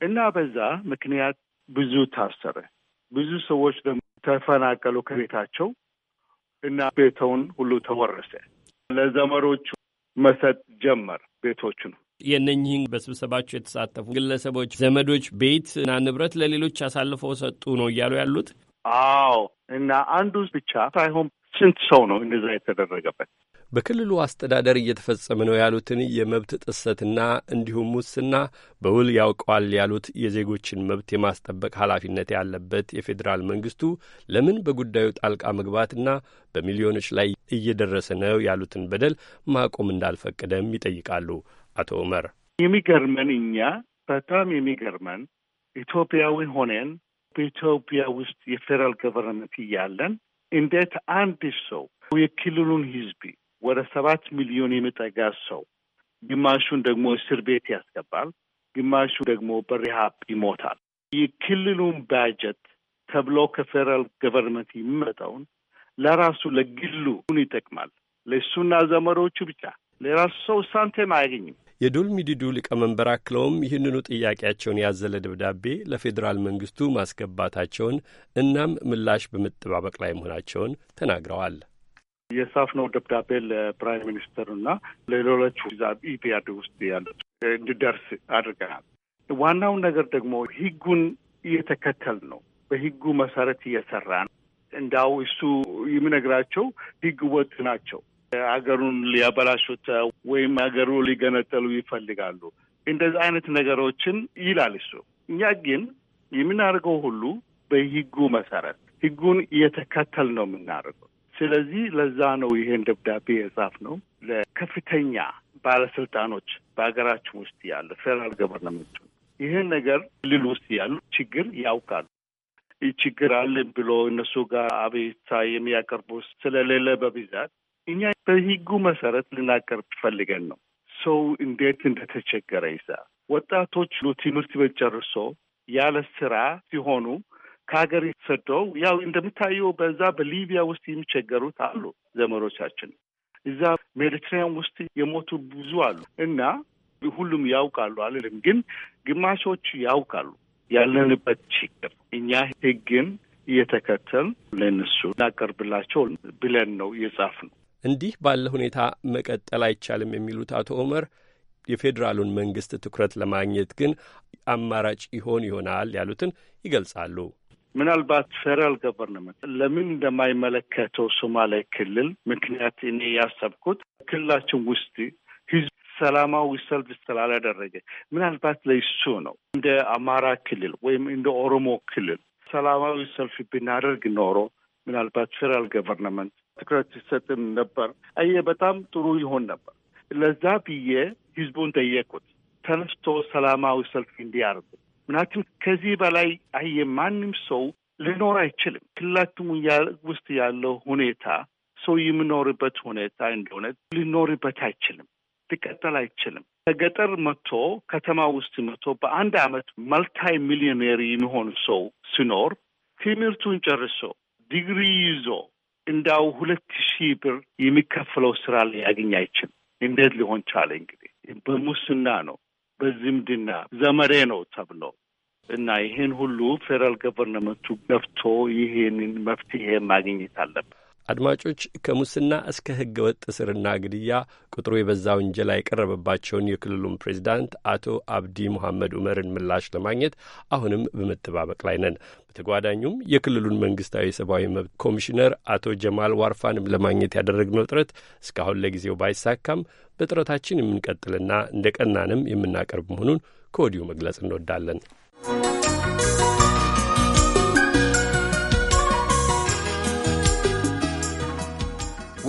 እና በዛ ምክንያት ብዙ ታሰረ። ብዙ ሰዎች ደግሞ ተፈናቀሉ ከቤታቸው እና ቤተውን ሁሉ ተወረሰ። ለዘመሮቹ መሰጥ ጀመር ቤቶቹን። የእነኝህን በስብሰባቸው የተሳተፉ ግለሰቦች ዘመዶች እና ንብረት ለሌሎች አሳልፈው ሰጡ ነው እያሉ ያሉት። አዎ እና አንዱ ብቻ ሳይሆን ስንት ሰው ነው እንደዛ የተደረገበት? በክልሉ አስተዳደር እየተፈጸመ ነው ያሉትን የመብት ጥሰትና እንዲሁም ሙስና በውል ያውቀዋል ያሉት የዜጎችን መብት የማስጠበቅ ኃላፊነት ያለበት የፌዴራል መንግስቱ ለምን በጉዳዩ ጣልቃ መግባትና በሚሊዮኖች ላይ እየደረሰ ነው ያሉትን በደል ማቆም እንዳልፈቀደም ይጠይቃሉ። አቶ ዑመር የሚገርመን እኛ በጣም የሚገርመን ኢትዮጵያዊ ሆነን በኢትዮጵያ ውስጥ የፌዴራል ገቨርንመንት እያለን እንዴት አንድ ሰው የክልሉን ህዝብ ወደ ሰባት ሚሊዮን የሚጠጋ ሰው ግማሹን ደግሞ እስር ቤት ያስገባል፣ ግማሹ ደግሞ በሪሃብ ይሞታል። የክልሉን ባጀት ተብሎ ከፌደራል ገቨርንመንት የሚመጣውን ለራሱ ለግሉ ይጠቅማል። ለእሱና ዘመዶቹ ብቻ፣ ለራሱ ሰው ሳንቲም አያገኝም። የዱል ሚዲዱ ሊቀመንበር አክለውም ይህንኑ ጥያቄያቸውን ያዘለ ደብዳቤ ለፌዴራል መንግስቱ ማስገባታቸውን እናም ምላሽ በመጠባበቅ ላይ መሆናቸውን ተናግረዋል። የጻፍነው ደብዳቤ ለፕራይም እና ለሌሎቹ ኢፒአድ ውስጥ ያሉት እንዲደርስ አድርገናል። ዋናው ነገር ደግሞ ህጉን እየተከተል ነው። በህጉ መሰረት እየሰራ ነው። እንዳው እሱ የሚነግራቸው ህግ ወጥ ናቸው። አገሩን ሊያበላሹት ወይም አገሩ ሊገነጠሉ ይፈልጋሉ። እንደዚህ አይነት ነገሮችን ይላል እሱ። እኛ ግን የምናደርገው ሁሉ በህጉ መሰረት ህጉን እየተከተል ነው የምናደርገው። ስለዚህ ለዛ ነው ይሄን ደብዳቤ የጻፍ ነው ለከፍተኛ ባለስልጣኖች በሀገራችን ውስጥ ያለ ፌደራል ገቨርንመንቱ ይህን ነገር ክልል ውስጥ ያሉ ችግር ያውቃሉ። ይህ ችግር አለን ብሎ እነሱ ጋር አቤታ የሚያቀርቡ ስለሌለ በብዛት እኛ በህጉ መሰረት ልናቀርብ ፈልገን ነው። ሰው እንዴት እንደተቸገረ ይዛ ወጣቶች ትምህርት ቤት ጨርሶ ያለ ስራ ሲሆኑ ከሀገር የተሰደው ያው እንደምታየው በዛ በሊቢያ ውስጥ የሚቸገሩት አሉ ዘመዶቻችን። እዛ ሜዲትራኒያን ውስጥ የሞቱ ብዙ አሉ እና ሁሉም ያውቃሉ አልልም፣ ግን ግማሾች ያውቃሉ ያለንበት ችግር። እኛ ህግን እየተከተል ለእነሱ እናቀርብላቸው ብለን ነው ነው። እንዲህ ባለ ሁኔታ መቀጠል አይቻልም የሚሉት አቶ ኦመር የፌዴራሉን መንግስት ትኩረት ለማግኘት ግን አማራጭ ይሆን ይሆናል ያሉትን ይገልጻሉ። ምናልባት ፌደራል ገቨርንመንት ለምን እንደማይመለከተው ሶማሌ ክልል ምክንያት እኔ ያሰብኩት ክልላችን ውስጥ ህዝብ ሰላማዊ ሰልፍ ስላላደረገ ምናልባት ለይሱ ነው። እንደ አማራ ክልል ወይም እንደ ኦሮሞ ክልል ሰላማዊ ሰልፍ ብናደርግ ኖሮ ምናልባት ፌደራል ገቨርንመንት ትኩረት ይሰጥም ነበር። አየ በጣም ጥሩ ይሆን ነበር። ለዛ ብዬ ህዝቡን ጠየቁት፣ ተነስቶ ሰላማዊ ሰልፍ እንዲያርጉ ምናችን ከዚህ በላይ አየ ማንም ሰው ልኖር አይችልም። ክላቱም ውስጥ ያለው ሁኔታ ሰው የምኖርበት ሁኔታ እንደሆነ ሊኖርበት አይችልም፣ ሊቀጠል አይችልም። ከገጠር መጥቶ ከተማ ውስጥ መጥቶ በአንድ አመት መልታይ ሚሊዮኔር የሚሆን ሰው ሲኖር ትምህርቱን ጨርሶ ዲግሪ ይዞ እንዳው ሁለት ሺህ ብር የሚከፍለው ስራ ሊያገኝ አይችልም። እንዴት ሊሆን ቻለ? እንግዲህ በሙስና ነው። በዝምድና ዘመዴ ነው ተብሎ እና ይህን ሁሉ ፌደራል ገቨርንመንቱ ገብቶ ይህንን መፍትሄ ማግኘት አለበት። አድማጮች ከሙስና እስከ ህገ ወጥ እስርና ግድያ ቁጥሩ የበዛ ውንጀላ የቀረበባቸውን የክልሉን ፕሬዚዳንት አቶ አብዲ ሙሐመድ ዑመርን ምላሽ ለማግኘት አሁንም በመጠባበቅ ላይ ነን። በተጓዳኙም የክልሉን መንግስታዊ የሰብአዊ መብት ኮሚሽነር አቶ ጀማል ዋርፋንም ለማግኘት ያደረግነው ጥረት እስካሁን ለጊዜው ባይሳካም በጥረታችን የምንቀጥልና እንደ ቀናንም የምናቀርብ መሆኑን ከወዲሁ መግለጽ እንወዳለን።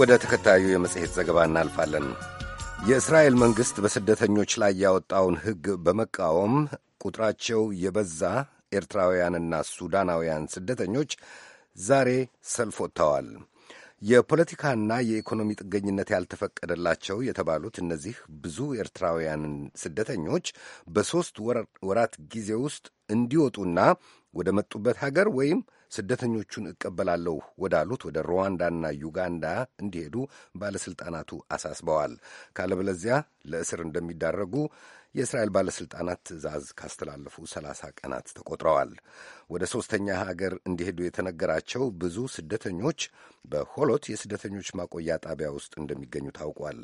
ወደ ተከታዩ የመጽሔት ዘገባ እናልፋለን። የእስራኤል መንግሥት በስደተኞች ላይ ያወጣውን ሕግ በመቃወም ቁጥራቸው የበዛ ኤርትራውያንና ሱዳናውያን ስደተኞች ዛሬ ሰልፍ ወጥተዋል። የፖለቲካና የኢኮኖሚ ጥገኝነት ያልተፈቀደላቸው የተባሉት እነዚህ ብዙ ኤርትራውያን ስደተኞች በሦስት ወራት ጊዜ ውስጥ እንዲወጡና ወደ መጡበት ሀገር ወይም ስደተኞቹን እቀበላለሁ ወዳሉት ወደ ሩዋንዳና ዩጋንዳ እንዲሄዱ ባለሥልጣናቱ አሳስበዋል። ካለበለዚያ ለእስር እንደሚዳረጉ የእስራኤል ባለሥልጣናት ትዕዛዝ ካስተላለፉ ሰላሳ ቀናት ተቆጥረዋል። ወደ ሦስተኛ ሀገር እንዲሄዱ የተነገራቸው ብዙ ስደተኞች በሆሎት የስደተኞች ማቆያ ጣቢያ ውስጥ እንደሚገኙ ታውቋል።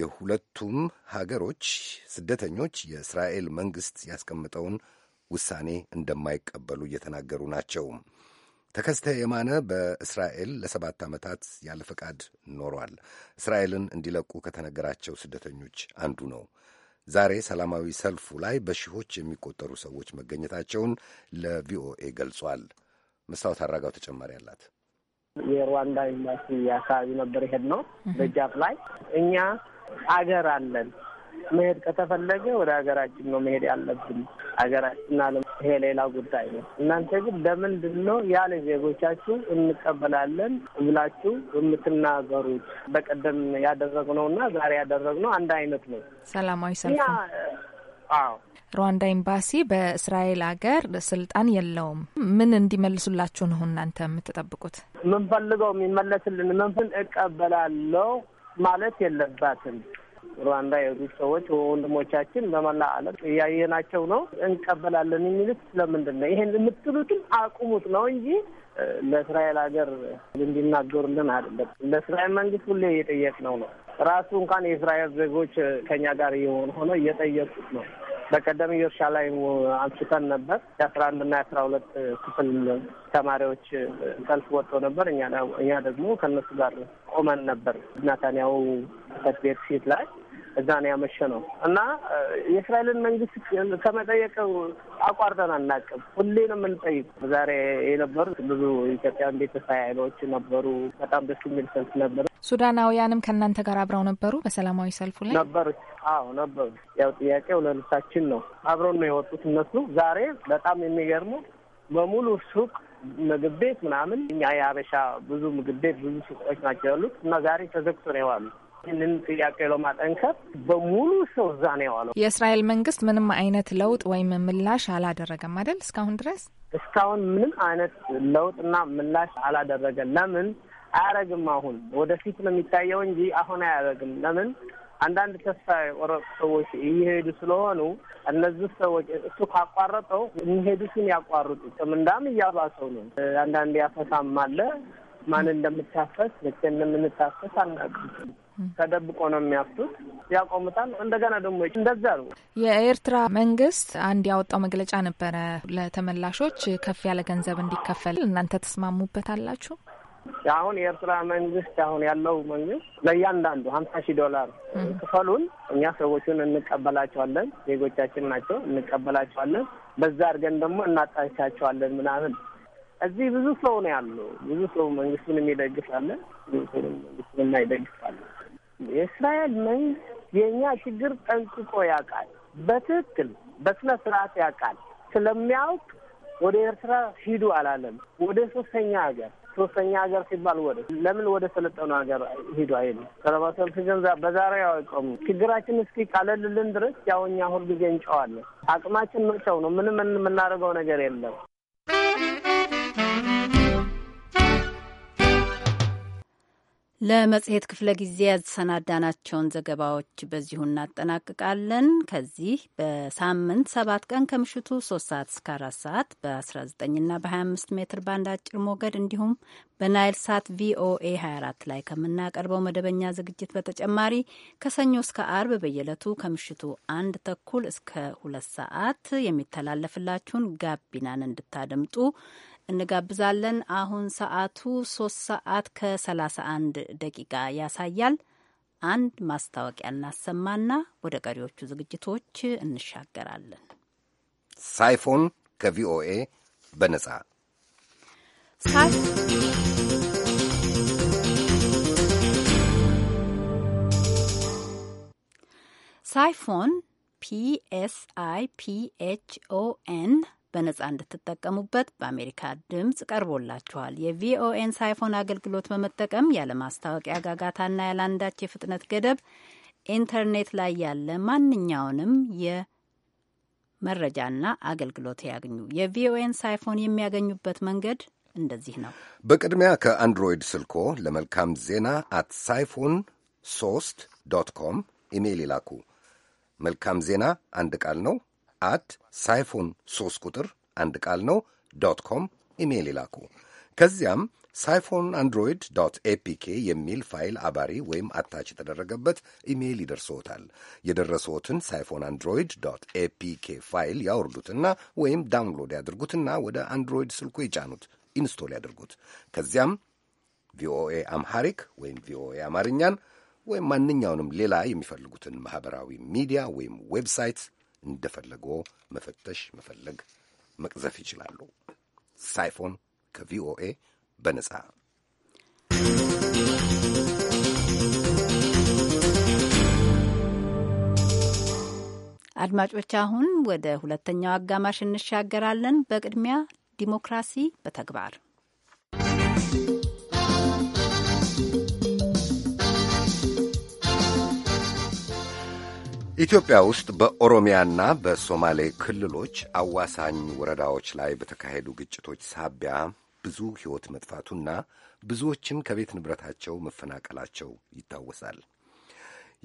የሁለቱም ሀገሮች ስደተኞች የእስራኤል መንግሥት ያስቀምጠውን ውሳኔ እንደማይቀበሉ እየተናገሩ ናቸው። ተከስተ የማነ በእስራኤል ለሰባት ዓመታት ያለ ፈቃድ ኖሯል። እስራኤልን እንዲለቁ ከተነገራቸው ስደተኞች አንዱ ነው። ዛሬ ሰላማዊ ሰልፉ ላይ በሺዎች የሚቆጠሩ ሰዎች መገኘታቸውን ለቪኦኤ ገልጿል። መስታወት አራጋው ተጨማሪ አላት። የሩዋንዳ ኤምባሲ አካባቢ ነበር ይሄድ ነው። በጃፍ ላይ እኛ አገር አለን፣ መሄድ ከተፈለገ ወደ ሀገራችን ነው መሄድ ያለብን። ሀገራችን አለም ይሄ ሌላ ጉዳይ ነው። እናንተ ግን ለምንድን ነው ያለ ዜጎቻችሁ እንቀበላለን ብላችሁ የምትናገሩት? በቀደም እና ዛሬ ያደረግነው አንድ አይነት ነው። ሰላማዊ ሰልፍ። አዎ ሩዋንዳ ኤምባሲ በእስራኤል ሀገር ስልጣን የለውም። ምን እንዲመልሱላችሁ ነው እናንተ የምትጠብቁት? ምንፈልገው የሚመለስልን ምንፍን እቀበላለው ማለት የለባትም ሩዋንዳ የሄዱት ሰዎች ወንድሞቻችን በመላ ዓለም እያየናቸው ነው እንቀበላለን የሚሉት ስለምንድን ነው? ይሄን የምትሉትን አቁሙት ነው እንጂ ለእስራኤል ሀገር እንዲናገሩልን አይደለም። ለእስራኤል መንግስት ሁሌ እየጠየቅነው ነው። ራሱ እንኳን የእስራኤል ዜጎች ከኛ ጋር የሆነ ሆነ እየጠየቁት ነው። በቀደም የእርሻ ላይ አንስተን ነበር። የአስራ አንድ እና የአስራ ሁለት ክፍል ተማሪዎች ሰልፍ ወጥቶ ነበር። እኛ ደግሞ ከእነሱ ጋር ቆመን ነበር ናታንያው ጽሕፈት ቤት ፊት ላይ እዛ ነው ያመሸ ነው እና የእስራኤልን መንግስት ከመጠየቅ አቋርጠን አናቅም። ሁሌ ነው የምንጠይቅ። ዛሬ የነበሩት ብዙ ኢትዮጵያን ቤተሰብ ኃይሎች ነበሩ። በጣም ደስ የሚል ሰልፍ ነበር። ሱዳናውያንም ከእናንተ ጋር አብረው ነበሩ በሰላማዊ ሰልፉ ላይ ነበሩ? አዎ ነበሩ። ያው ጥያቄው ለልሳችን ነው። አብረው ነው የወጡት እነሱ። ዛሬ በጣም የሚገርሙ በሙሉ ሱቅ ምግብ ቤት ምናምን እኛ የሀበሻ ብዙ ምግብ ቤት ብዙ ሱቆች ናቸው ያሉት እና ዛሬ ተዘግቶ ነው የዋሉት ይህንን ጥያቄ ለማጠንከር በሙሉ ሰው እዛ ነው የዋለው። የእስራኤል መንግስት ምንም አይነት ለውጥ ወይም ምላሽ አላደረገም አይደል? እስካሁን ድረስ እስካሁን ምንም አይነት ለውጥና ምላሽ አላደረገም። ለምን አያደረግም? አሁን ወደፊት ነው የሚታየው እንጂ አሁን አያረግም። ለምን አንዳንድ ተስፋ የቆረጡ ሰዎች እየሄዱ ስለሆኑ እነዚህ ሰዎች እሱ ካቋረጠው የሚሄዱትን ያቋርጡ ምንዳም እያባሰው ነው። አንዳንድ ያፈሳም አለ ማን እንደምታፈስ መቼ እንደምንታፈስ አናውቅም። ተደብቆ ነው የሚያፍቱት፣ ያቆሙታል። እንደገና ደግሞ እንደዛ ነው። የኤርትራ መንግስት አንድ ያወጣው መግለጫ ነበረ ለተመላሾች ከፍ ያለ ገንዘብ እንዲከፈል። እናንተ ተስማሙበት አላችሁ? አሁን የኤርትራ መንግስት አሁን ያለው መንግስት ለእያንዳንዱ ሀምሳ ሺህ ዶላር ክፈሉን፣ እኛ ሰዎቹን እንቀበላቸዋለን፣ ዜጎቻችን ናቸው፣ እንቀበላቸዋለን፣ በዛ አድርገን ደግሞ እናጣቻቸዋለን ምናምን። እዚህ ብዙ ሰው ነው ያለው። ብዙ ሰው መንግስቱን የሚደግፋለን፣ ብዙ ሰው መንግስቱን የማይደግፋለን። የእስራኤል መንግስት የእኛ ችግር ጠንቅቆ ያውቃል። በትክክል በስነ ስርዓት ያውቃል። ስለሚያውቅ ወደ ኤርትራ ሂዱ አላለም። ወደ ሶስተኛ ሀገር ሶስተኛ ሀገር ሲባል ወደ ለምን ወደ ሰለጠኑ ሀገር ሂዱ አይሉ ሰለባሰልፍ ገንዛ በዛሬ ያወቀሙ ችግራችን እስኪ ቀለልልን ድረስ ያው እኛ ሁልጊዜ እንጨዋለን። አቅማችን መጨው ነው። ምንም የምናደርገው ነገር የለም። ለመጽሔት ክፍለ ጊዜ ያሰናዳናቸውን ዘገባዎች በዚሁ እናጠናቅቃለን። ከዚህ በሳምንት ሰባት ቀን ከምሽቱ ሶስት ሰዓት እስከ አራት ሰዓት በ19ና በ25 ሜትር ባንድ አጭር ሞገድ እንዲሁም በናይል ሳት ቪኦኤ 24 ላይ ከምናቀርበው መደበኛ ዝግጅት በተጨማሪ ከሰኞ እስከ አርብ በየዕለቱ ከምሽቱ አንድ ተኩል እስከ ሁለት ሰዓት የሚተላለፍላችሁን ጋቢናን እንድታደምጡ እንጋብዛለን። አሁን ሰዓቱ ሶስት ሰዓት ከሰላሳ አንድ ደቂቃ ያሳያል። አንድ ማስታወቂያ እናሰማና ወደ ቀሪዎቹ ዝግጅቶች እንሻገራለን። ሳይፎን ከቪኦኤ በነጻ ሳይፎን ፒ ፒኤችኦኤን። በነጻ እንድትጠቀሙበት በአሜሪካ ድምፅ ቀርቦላችኋል። የቪኦኤን ሳይፎን አገልግሎት በመጠቀም ያለ ማስታወቂያ ጋጋታና ያለአንዳች የፍጥነት ገደብ ኢንተርኔት ላይ ያለ ማንኛውንም የመረጃና አገልግሎት ያግኙ። የቪኦኤን ሳይፎን የሚያገኙበት መንገድ እንደዚህ ነው። በቅድሚያ ከአንድሮይድ ስልኮ ለመልካም ዜና አት ሳይፎን ሶስት ዶት ኮም ኢሜይል ይላኩ። መልካም ዜና አንድ ቃል ነው አት ሳይፎን 3 ቁጥር አንድ ቃል ነው ዶት ኮም ኢሜይል ይላኩ። ከዚያም ሳይፎን አንድሮይድ ዶት ኤፒኬ የሚል ፋይል አባሪ ወይም አታች የተደረገበት ኢሜይል ይደርሰዎታል። የደረሰዎትን ሳይፎን አንድሮይድ ዶት ኤፒኬ ፋይል ያወርዱትና ወይም ዳውንሎድ ያድርጉትና ወደ አንድሮይድ ስልኩ ይጫኑት፣ ኢንስቶል ያድርጉት። ከዚያም ቪኦኤ አምሃሪክ ወይም ቪኦኤ አማርኛን ወይም ማንኛውንም ሌላ የሚፈልጉትን ማኅበራዊ ሚዲያ ወይም ዌብሳይት እንደፈለጎ መፈተሽ፣ መፈለግ፣ መቅዘፍ ይችላሉ። ሳይፎን ከቪኦኤ በነጻ አድማጮች፣ አሁን ወደ ሁለተኛው አጋማሽ እንሻገራለን። በቅድሚያ ዲሞክራሲ በተግባር ኢትዮጵያ ውስጥ በኦሮሚያና በሶማሌ ክልሎች አዋሳኝ ወረዳዎች ላይ በተካሄዱ ግጭቶች ሳቢያ ብዙ ሕይወት መጥፋቱና ብዙዎችም ከቤት ንብረታቸው መፈናቀላቸው ይታወሳል።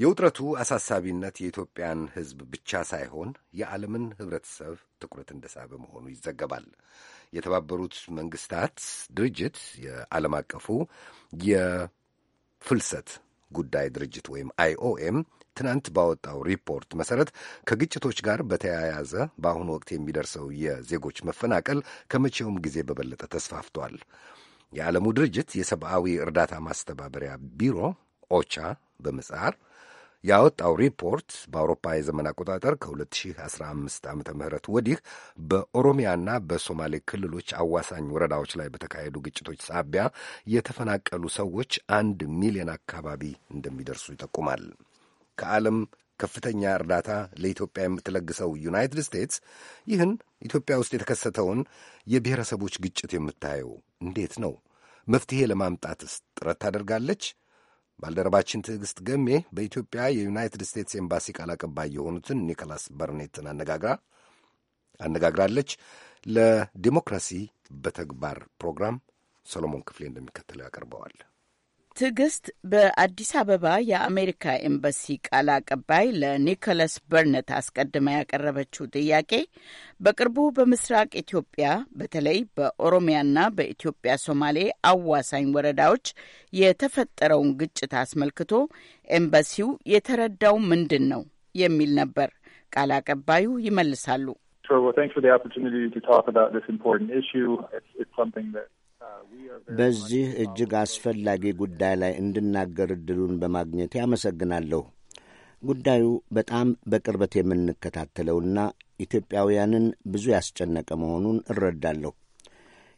የውጥረቱ አሳሳቢነት የኢትዮጵያን ሕዝብ ብቻ ሳይሆን የዓለምን ህብረተሰብ ትኩረት እንደሳበ መሆኑ ይዘገባል። የተባበሩት መንግስታት ድርጅት የዓለም አቀፉ የፍልሰት ጉዳይ ድርጅት ወይም አይኦኤም ትናንት ባወጣው ሪፖርት መሰረት ከግጭቶች ጋር በተያያዘ በአሁኑ ወቅት የሚደርሰው የዜጎች መፈናቀል ከመቼውም ጊዜ በበለጠ ተስፋፍቷል። የዓለሙ ድርጅት የሰብአዊ እርዳታ ማስተባበሪያ ቢሮ ኦቻ በምጽር ያወጣው ሪፖርት በአውሮፓ የዘመን አቆጣጠር ከ2015 ዓ ም ወዲህ በኦሮሚያና በሶማሌ ክልሎች አዋሳኝ ወረዳዎች ላይ በተካሄዱ ግጭቶች ሳቢያ የተፈናቀሉ ሰዎች አንድ ሚሊዮን አካባቢ እንደሚደርሱ ይጠቁማል። ከዓለም ከፍተኛ እርዳታ ለኢትዮጵያ የምትለግሰው ዩናይትድ ስቴትስ ይህን ኢትዮጵያ ውስጥ የተከሰተውን የብሔረሰቦች ግጭት የምታየው እንዴት ነው? መፍትሄ ለማምጣትስ ጥረት ታደርጋለች? ባልደረባችን ትዕግስት ገሜ በኢትዮጵያ የዩናይትድ ስቴትስ ኤምባሲ ቃል አቀባይ የሆኑትን ኒኮላስ በርኔትን አነጋግራ አነጋግራለች። ለዲሞክራሲ በተግባር ፕሮግራም ሰሎሞን ክፍሌ እንደሚከተለው ያቀርበዋል። ትዕግስት በአዲስ አበባ የአሜሪካ ኤምባሲ ቃል አቀባይ ለኒኮላስ በርነት አስቀድማ ያቀረበችው ጥያቄ በቅርቡ በምስራቅ ኢትዮጵያ በተለይ በኦሮሚያና በኢትዮጵያ ሶማሌ አዋሳኝ ወረዳዎች የተፈጠረውን ግጭት አስመልክቶ ኤምባሲው የተረዳው ምንድን ነው የሚል ነበር። ቃል አቀባዩ ይመልሳሉ። በዚህ እጅግ አስፈላጊ ጉዳይ ላይ እንድናገር እድሉን በማግኘት ያመሰግናለሁ። ጉዳዩ በጣም በቅርበት የምንከታተለውና ኢትዮጵያውያንን ብዙ ያስጨነቀ መሆኑን እረዳለሁ።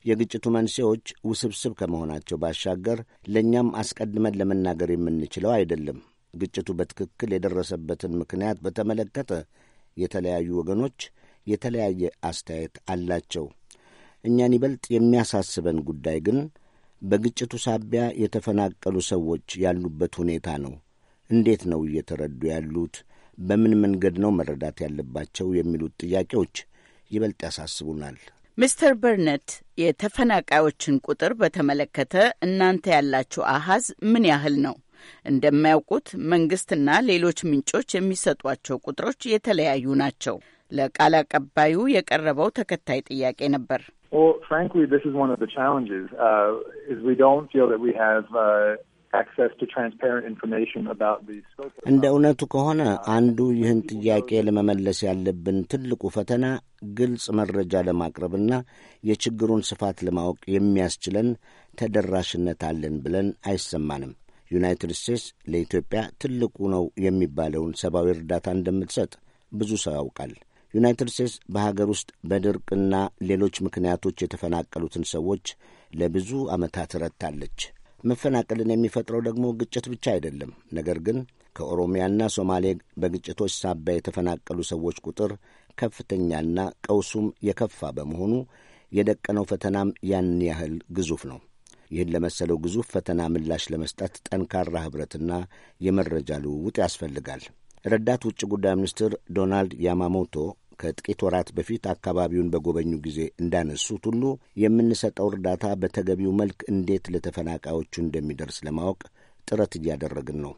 የግጭቱ መንስኤዎች ውስብስብ ከመሆናቸው ባሻገር ለእኛም አስቀድመን ለመናገር የምንችለው አይደለም። ግጭቱ በትክክል የደረሰበትን ምክንያት በተመለከተ የተለያዩ ወገኖች የተለያየ አስተያየት አላቸው። እኛን ይበልጥ የሚያሳስበን ጉዳይ ግን በግጭቱ ሳቢያ የተፈናቀሉ ሰዎች ያሉበት ሁኔታ ነው። እንዴት ነው እየተረዱ ያሉት? በምን መንገድ ነው መረዳት ያለባቸው? የሚሉት ጥያቄዎች ይበልጥ ያሳስቡናል። ሚስተር በርነት የተፈናቃዮችን ቁጥር በተመለከተ እናንተ ያላችሁ አሃዝ ምን ያህል ነው? እንደሚያውቁት መንግስትና ሌሎች ምንጮች የሚሰጧቸው ቁጥሮች የተለያዩ ናቸው። ለቃል አቀባዩ የቀረበው ተከታይ ጥያቄ ነበር። Well, frankly, this is one of the challenges: uh, is we don't feel that we have uh, access to transparent information about the scope. እንደ እውነቱ ከሆነ uh, አንዱ ይህን ጥያቄ ለመመለስ ያለብን ትልቁ ፈተና ግልጽ መረጃ ለማቅረብና የችግሩን ስፋት ለማወቅ የሚያስችለን ተደራሽነት አለን ብለን አይሰማንም። ዩናይትድ ስቴትስ ለኢትዮጵያ ትልቁ ነው የሚባለውን ሰብአዊ እርዳታ እንደምትሰጥ ብዙ ሰው ያውቃል። ዩናይትድ ስቴትስ በሀገር ውስጥ በድርቅና ሌሎች ምክንያቶች የተፈናቀሉትን ሰዎች ለብዙ ዓመታት ረድታለች። መፈናቀልን የሚፈጥረው ደግሞ ግጭት ብቻ አይደለም። ነገር ግን ከኦሮሚያና ሶማሌ በግጭቶች ሳቢያ የተፈናቀሉ ሰዎች ቁጥር ከፍተኛና ቀውሱም የከፋ በመሆኑ የደቀነው ፈተናም ያን ያህል ግዙፍ ነው። ይህን ለመሰለው ግዙፍ ፈተና ምላሽ ለመስጠት ጠንካራ ኅብረትና የመረጃ ልውውጥ ያስፈልጋል። ረዳት ውጭ ጉዳይ ሚኒስትር ዶናልድ ያማሞቶ ከጥቂት ወራት በፊት አካባቢውን በጎበኙ ጊዜ እንዳነሱት ሁሉ የምንሰጠው እርዳታ በተገቢው መልክ እንዴት ለተፈናቃዮቹ እንደሚደርስ ለማወቅ ጥረት እያደረግን ነው።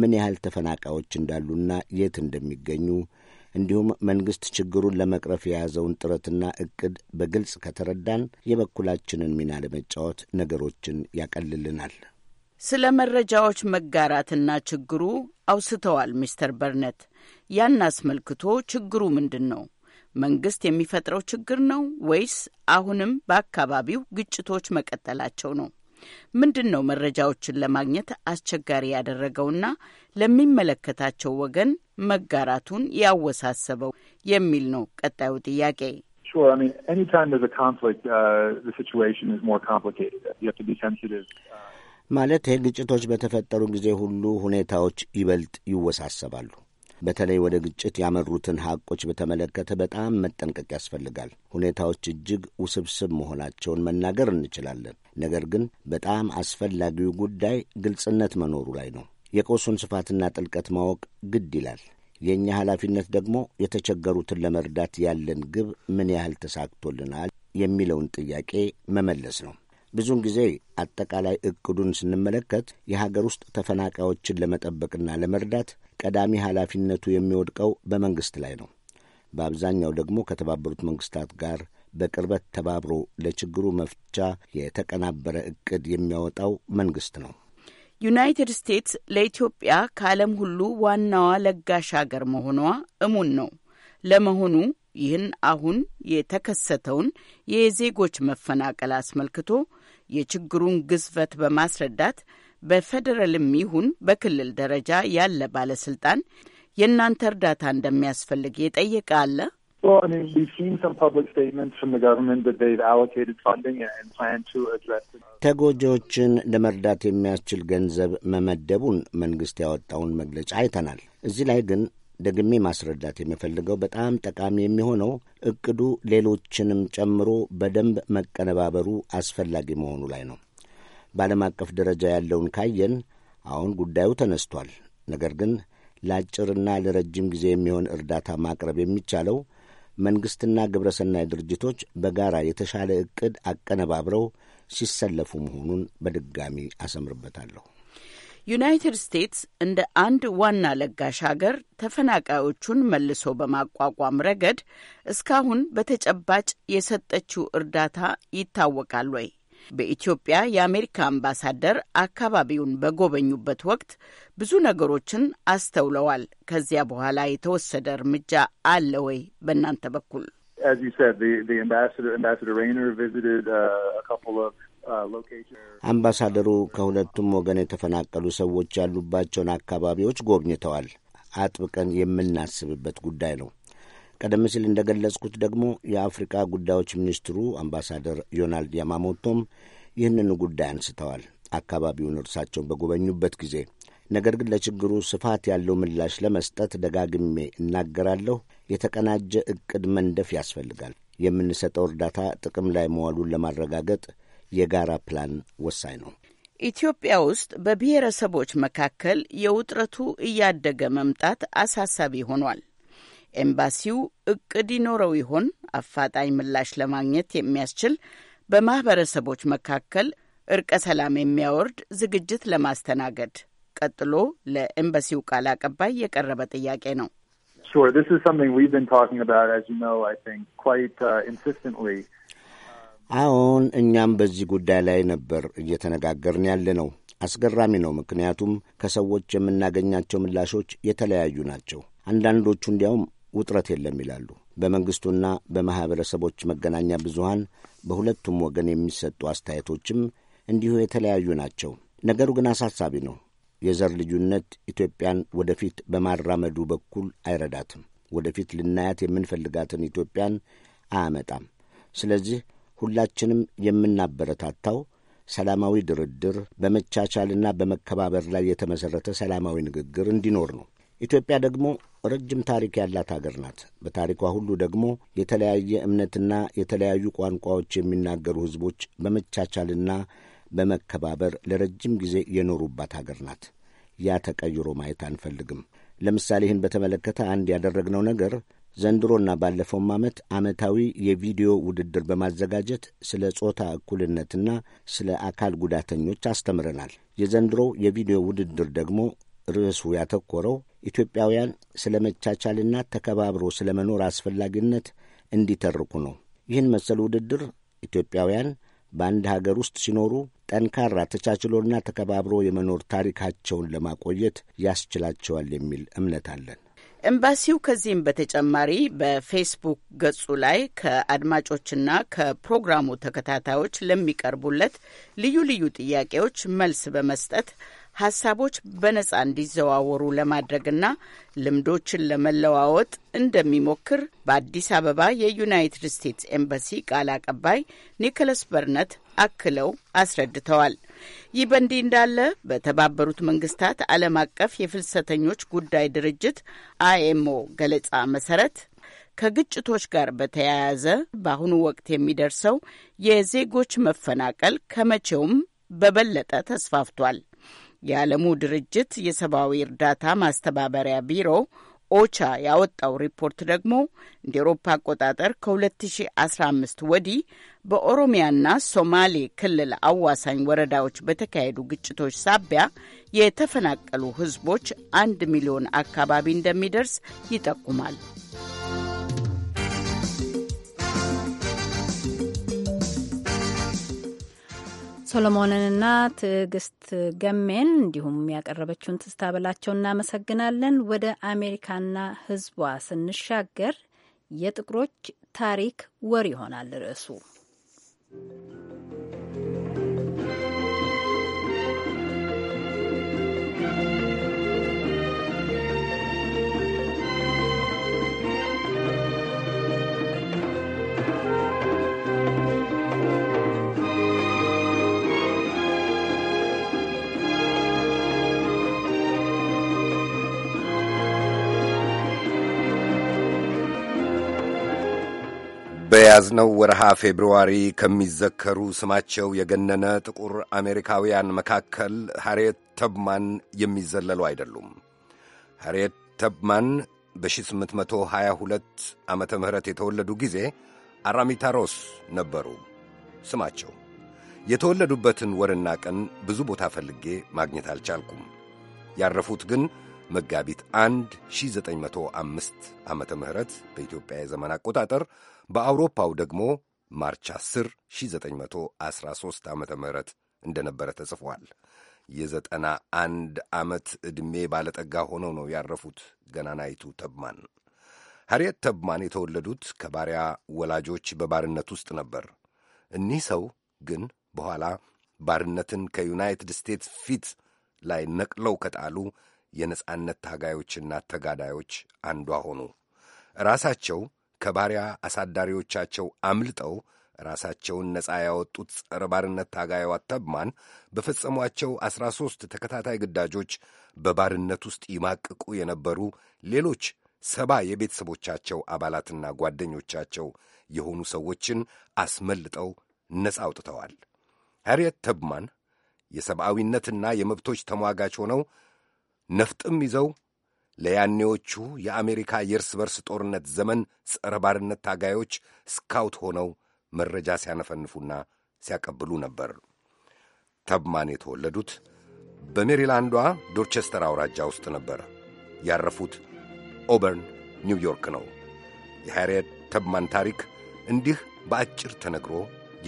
ምን ያህል ተፈናቃዮች እንዳሉና የት እንደሚገኙ እንዲሁም መንግሥት ችግሩን ለመቅረፍ የያዘውን ጥረትና እቅድ በግልጽ ከተረዳን የበኩላችንን ሚና ለመጫወት ነገሮችን ያቀልልናል። ስለ መረጃዎች መጋራትና ችግሩ አውስተዋል ሚስተር በርነት። ያን አስመልክቶ ችግሩ ምንድን ነው? መንግስት የሚፈጥረው ችግር ነው ወይስ አሁንም በአካባቢው ግጭቶች መቀጠላቸው ነው? ምንድን ነው መረጃዎችን ለማግኘት አስቸጋሪ ያደረገውና ለሚመለከታቸው ወገን መጋራቱን ያወሳሰበው የሚል ነው ቀጣዩ ጥያቄ። ማለት ግጭቶች በተፈጠሩ ጊዜ ሁሉ ሁኔታዎች ይበልጥ ይወሳሰባሉ። በተለይ ወደ ግጭት ያመሩትን ሐቆች በተመለከተ በጣም መጠንቀቅ ያስፈልጋል። ሁኔታዎች እጅግ ውስብስብ መሆናቸውን መናገር እንችላለን። ነገር ግን በጣም አስፈላጊው ጉዳይ ግልጽነት መኖሩ ላይ ነው። የቆሱን ስፋትና ጥልቀት ማወቅ ግድ ይላል። የእኛ ኃላፊነት ደግሞ የተቸገሩትን ለመርዳት ያለን ግብ ምን ያህል ተሳክቶልናል የሚለውን ጥያቄ መመለስ ነው። ብዙውን ጊዜ አጠቃላይ እቅዱን ስንመለከት የሀገር ውስጥ ተፈናቃዮችን ለመጠበቅና ለመርዳት ቀዳሚ ኃላፊነቱ የሚወድቀው በመንግሥት ላይ ነው። በአብዛኛው ደግሞ ከተባበሩት መንግሥታት ጋር በቅርበት ተባብሮ ለችግሩ መፍቻ የተቀናበረ እቅድ የሚያወጣው መንግሥት ነው። ዩናይትድ ስቴትስ ለኢትዮጵያ ከዓለም ሁሉ ዋናዋ ለጋሽ አገር መሆኗ እሙን ነው። ለመሆኑ ይህን አሁን የተከሰተውን የዜጎች መፈናቀል አስመልክቶ የችግሩን ግዝፈት በማስረዳት በፌዴራልም ይሁን በክልል ደረጃ ያለ ባለስልጣን የእናንተ እርዳታ እንደሚያስፈልግ የጠየቀ አለ? ተጎጂዎችን ለመርዳት የሚያስችል ገንዘብ መመደቡን መንግስት ያወጣውን መግለጫ አይተናል። እዚህ ላይ ግን ደግሜ ማስረዳት የምፈልገው በጣም ጠቃሚ የሚሆነው እቅዱ ሌሎችንም ጨምሮ በደንብ መቀነባበሩ አስፈላጊ መሆኑ ላይ ነው። በዓለም አቀፍ ደረጃ ያለውን ካየን አሁን ጉዳዩ ተነስቷል። ነገር ግን ለአጭርና ለረጅም ጊዜ የሚሆን እርዳታ ማቅረብ የሚቻለው መንግሥትና ግብረሰናይ ድርጅቶች በጋራ የተሻለ እቅድ አቀነባብረው ሲሰለፉ መሆኑን በድጋሚ አሰምርበታለሁ። ዩናይትድ ስቴትስ እንደ አንድ ዋና ለጋሽ ሀገር ተፈናቃዮቹን መልሶ በማቋቋም ረገድ እስካሁን በተጨባጭ የሰጠችው እርዳታ ይታወቃል ወይ? በኢትዮጵያ የአሜሪካ አምባሳደር አካባቢውን በጎበኙበት ወቅት ብዙ ነገሮችን አስተውለዋል። ከዚያ በኋላ የተወሰደ እርምጃ አለ ወይ በእናንተ በኩል? As you said, the, the ambassador, Ambassador Rayner visited uh, a couple of አምባሳደሩ ከሁለቱም ወገን የተፈናቀሉ ሰዎች ያሉባቸውን አካባቢዎች ጎብኝተዋል። አጥብቀን የምናስብበት ጉዳይ ነው። ቀደም ሲል እንደገለጽኩት ደግሞ የአፍሪካ ጉዳዮች ሚኒስትሩ አምባሳደር ዮናልድ ያማሞቶም ይህንኑ ጉዳይ አንስተዋል አካባቢውን እርሳቸውን በጎበኙበት ጊዜ። ነገር ግን ለችግሩ ስፋት ያለው ምላሽ ለመስጠት ደጋግሜ እናገራለሁ፣ የተቀናጀ እቅድ መንደፍ ያስፈልጋል። የምንሰጠው እርዳታ ጥቅም ላይ መዋሉን ለማረጋገጥ የጋራ ፕላን ወሳኝ ነው። ኢትዮጵያ ውስጥ በብሔረሰቦች መካከል የውጥረቱ እያደገ መምጣት አሳሳቢ ሆኗል። ኤምባሲው እቅድ ይኖረው ይሆን? አፋጣኝ ምላሽ ለማግኘት የሚያስችል በማኅበረሰቦች መካከል እርቀ ሰላም የሚያወርድ ዝግጅት ለማስተናገድ ቀጥሎ ለኤምባሲው ቃል አቀባይ የቀረበ ጥያቄ ነው። አዎን፣ እኛም በዚህ ጉዳይ ላይ ነበር እየተነጋገርን ያለ ነው። አስገራሚ ነው። ምክንያቱም ከሰዎች የምናገኛቸው ምላሾች የተለያዩ ናቸው። አንዳንዶቹ እንዲያውም ውጥረት የለም ይላሉ። በመንግሥቱና በማኅበረሰቦች መገናኛ ብዙሃን በሁለቱም ወገን የሚሰጡ አስተያየቶችም እንዲሁ የተለያዩ ናቸው። ነገሩ ግን አሳሳቢ ነው። የዘር ልዩነት ኢትዮጵያን ወደፊት በማራመዱ በኩል አይረዳትም። ወደፊት ልናያት የምንፈልጋትን ኢትዮጵያን አያመጣም። ስለዚህ ሁላችንም የምናበረታታው ሰላማዊ ድርድር፣ በመቻቻልና በመከባበር ላይ የተመሠረተ ሰላማዊ ንግግር እንዲኖር ነው። ኢትዮጵያ ደግሞ ረጅም ታሪክ ያላት አገር ናት። በታሪኳ ሁሉ ደግሞ የተለያየ እምነትና የተለያዩ ቋንቋዎች የሚናገሩ ሕዝቦች በመቻቻልና በመከባበር ለረጅም ጊዜ የኖሩባት አገር ናት። ያ ተቀይሮ ማየት አንፈልግም። ለምሳሌ ይህን በተመለከተ አንድ ያደረግነው ነገር ዘንድሮና ባለፈውም ዓመት ዓመታዊ የቪዲዮ ውድድር በማዘጋጀት ስለ ጾታ እኩልነትና ስለ አካል ጉዳተኞች አስተምረናል። የዘንድሮው የቪዲዮ ውድድር ደግሞ ርዕሱ ያተኮረው ኢትዮጵያውያን ስለ መቻቻልና ተከባብሮ ስለ መኖር አስፈላጊነት እንዲተርኩ ነው። ይህን መሰል ውድድር ኢትዮጵያውያን በአንድ ሀገር ውስጥ ሲኖሩ ጠንካራ ተቻችሎና ተከባብሮ የመኖር ታሪካቸውን ለማቆየት ያስችላቸዋል የሚል እምነት አለን። ኤምባሲው ከዚህም በተጨማሪ በፌስቡክ ገጹ ላይ ከአድማጮችና ከፕሮግራሙ ተከታታዮች ለሚቀርቡለት ልዩ ልዩ ጥያቄዎች መልስ በመስጠት ሀሳቦች በነጻ እንዲዘዋወሩ ለማድረግና ልምዶችን ለመለዋወጥ እንደሚሞክር በአዲስ አበባ የዩናይትድ ስቴትስ ኤምባሲ ቃል አቀባይ ኒኮለስ በርነት አክለው አስረድተዋል። ይህ በእንዲህ እንዳለ በተባበሩት መንግስታት ዓለም አቀፍ የፍልሰተኞች ጉዳይ ድርጅት አይኤምኦ ገለጻ መሰረት ከግጭቶች ጋር በተያያዘ በአሁኑ ወቅት የሚደርሰው የዜጎች መፈናቀል ከመቼውም በበለጠ ተስፋፍቷል። የዓለሙ ድርጅት የሰብአዊ እርዳታ ማስተባበሪያ ቢሮ ኦቻ ያወጣው ሪፖርት ደግሞ እንደ ኤሮፓ አቆጣጠር ከ2015 ወዲህ በኦሮሚያና ሶማሌ ክልል አዋሳኝ ወረዳዎች በተካሄዱ ግጭቶች ሳቢያ የተፈናቀሉ ሕዝቦች አንድ ሚሊዮን አካባቢ እንደሚደርስ ይጠቁማል። ሶሎሞንንና ትዕግስት ገሜን እንዲሁም ያቀረበችውን ትስታ በላቸው እናመሰግናለን። ወደ አሜሪካና ሕዝቧ ስንሻገር የጥቁሮች ታሪክ ወር ይሆናል ርዕሱ። በያዝነው ወርሃ ፌብርዋሪ ከሚዘከሩ ስማቸው የገነነ ጥቁር አሜሪካውያን መካከል ሃሪየት ተብማን የሚዘለሉ አይደሉም። ሃሪየት ተብማን በ1822 ዓመተ ምሕረት የተወለዱ ጊዜ አራሚታ ሮስ ነበሩ ስማቸው። የተወለዱበትን ወርና ቀን ብዙ ቦታ ፈልጌ ማግኘት አልቻልኩም። ያረፉት ግን መጋቢት 1 1905 ዓመተ ምሕረት በኢትዮጵያ የዘመን አቆጣጠር በአውሮፓው ደግሞ ማርች 10 1913 ዓ ም እንደነበረ ተጽፏል። የዘጠና አንድ ዓመት ዕድሜ ባለጠጋ ሆነው ነው ያረፉት ገናናይቱ ተብማን። ሐርየት ተብማን የተወለዱት ከባሪያ ወላጆች በባርነት ውስጥ ነበር። እኒህ ሰው ግን በኋላ ባርነትን ከዩናይትድ ስቴትስ ፊት ላይ ነቅለው ከጣሉ የነጻነት ታጋዮችና ተጋዳዮች አንዷ ሆኑ። ራሳቸው ከባሪያ አሳዳሪዎቻቸው አምልጠው ራሳቸውን ነፃ ያወጡት ጸረ ባርነት ታጋይዋ ተብማን በፈጸሟቸው ዐሥራ ሦስት ተከታታይ ግዳጆች በባርነት ውስጥ ይማቅቁ የነበሩ ሌሎች ሰባ የቤተሰቦቻቸው አባላትና ጓደኞቻቸው የሆኑ ሰዎችን አስመልጠው ነፃ አውጥተዋል። ሃሪየት ተብማን የሰብአዊነትና የመብቶች ተሟጋች ሆነው ነፍጥም ይዘው ለያኔዎቹ የአሜሪካ የእርስ በርስ ጦርነት ዘመን ጸረ ባርነት ታጋዮች ስካውት ሆነው መረጃ ሲያነፈንፉና ሲያቀብሉ ነበር። ተብማን የተወለዱት በሜሪላንዷ ዶርቸስተር አውራጃ ውስጥ ነበር። ያረፉት ኦበርን ኒውዮርክ ነው። የሃሪየት ተብማን ታሪክ እንዲህ በአጭር ተነግሮ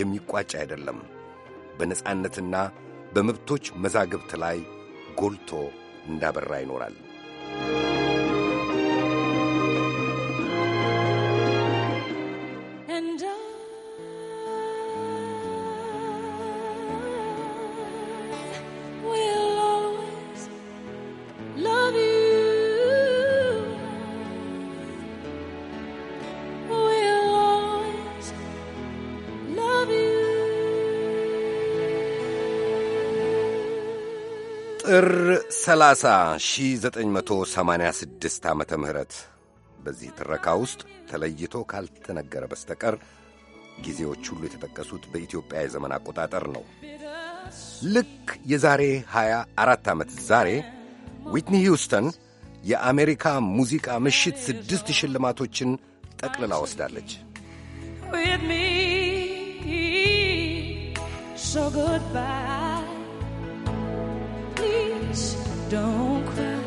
የሚቋጭ አይደለም። በነጻነትና በመብቶች መዛግብት ላይ ጎልቶ እንዳበራ ይኖራል። you. 30 1986 ዓ ም በዚህ ትረካ ውስጥ ተለይቶ ካልተነገረ በስተቀር ጊዜዎች ሁሉ የተጠቀሱት በኢትዮጵያ የዘመን አቆጣጠር ነው። ልክ የዛሬ 24 ዓመት ዛሬ ዊትኒ ሂውስተን የአሜሪካ ሙዚቃ ምሽት ስድስት ሽልማቶችን ጠቅልላ ወስዳለች። so goodbye. don't cry.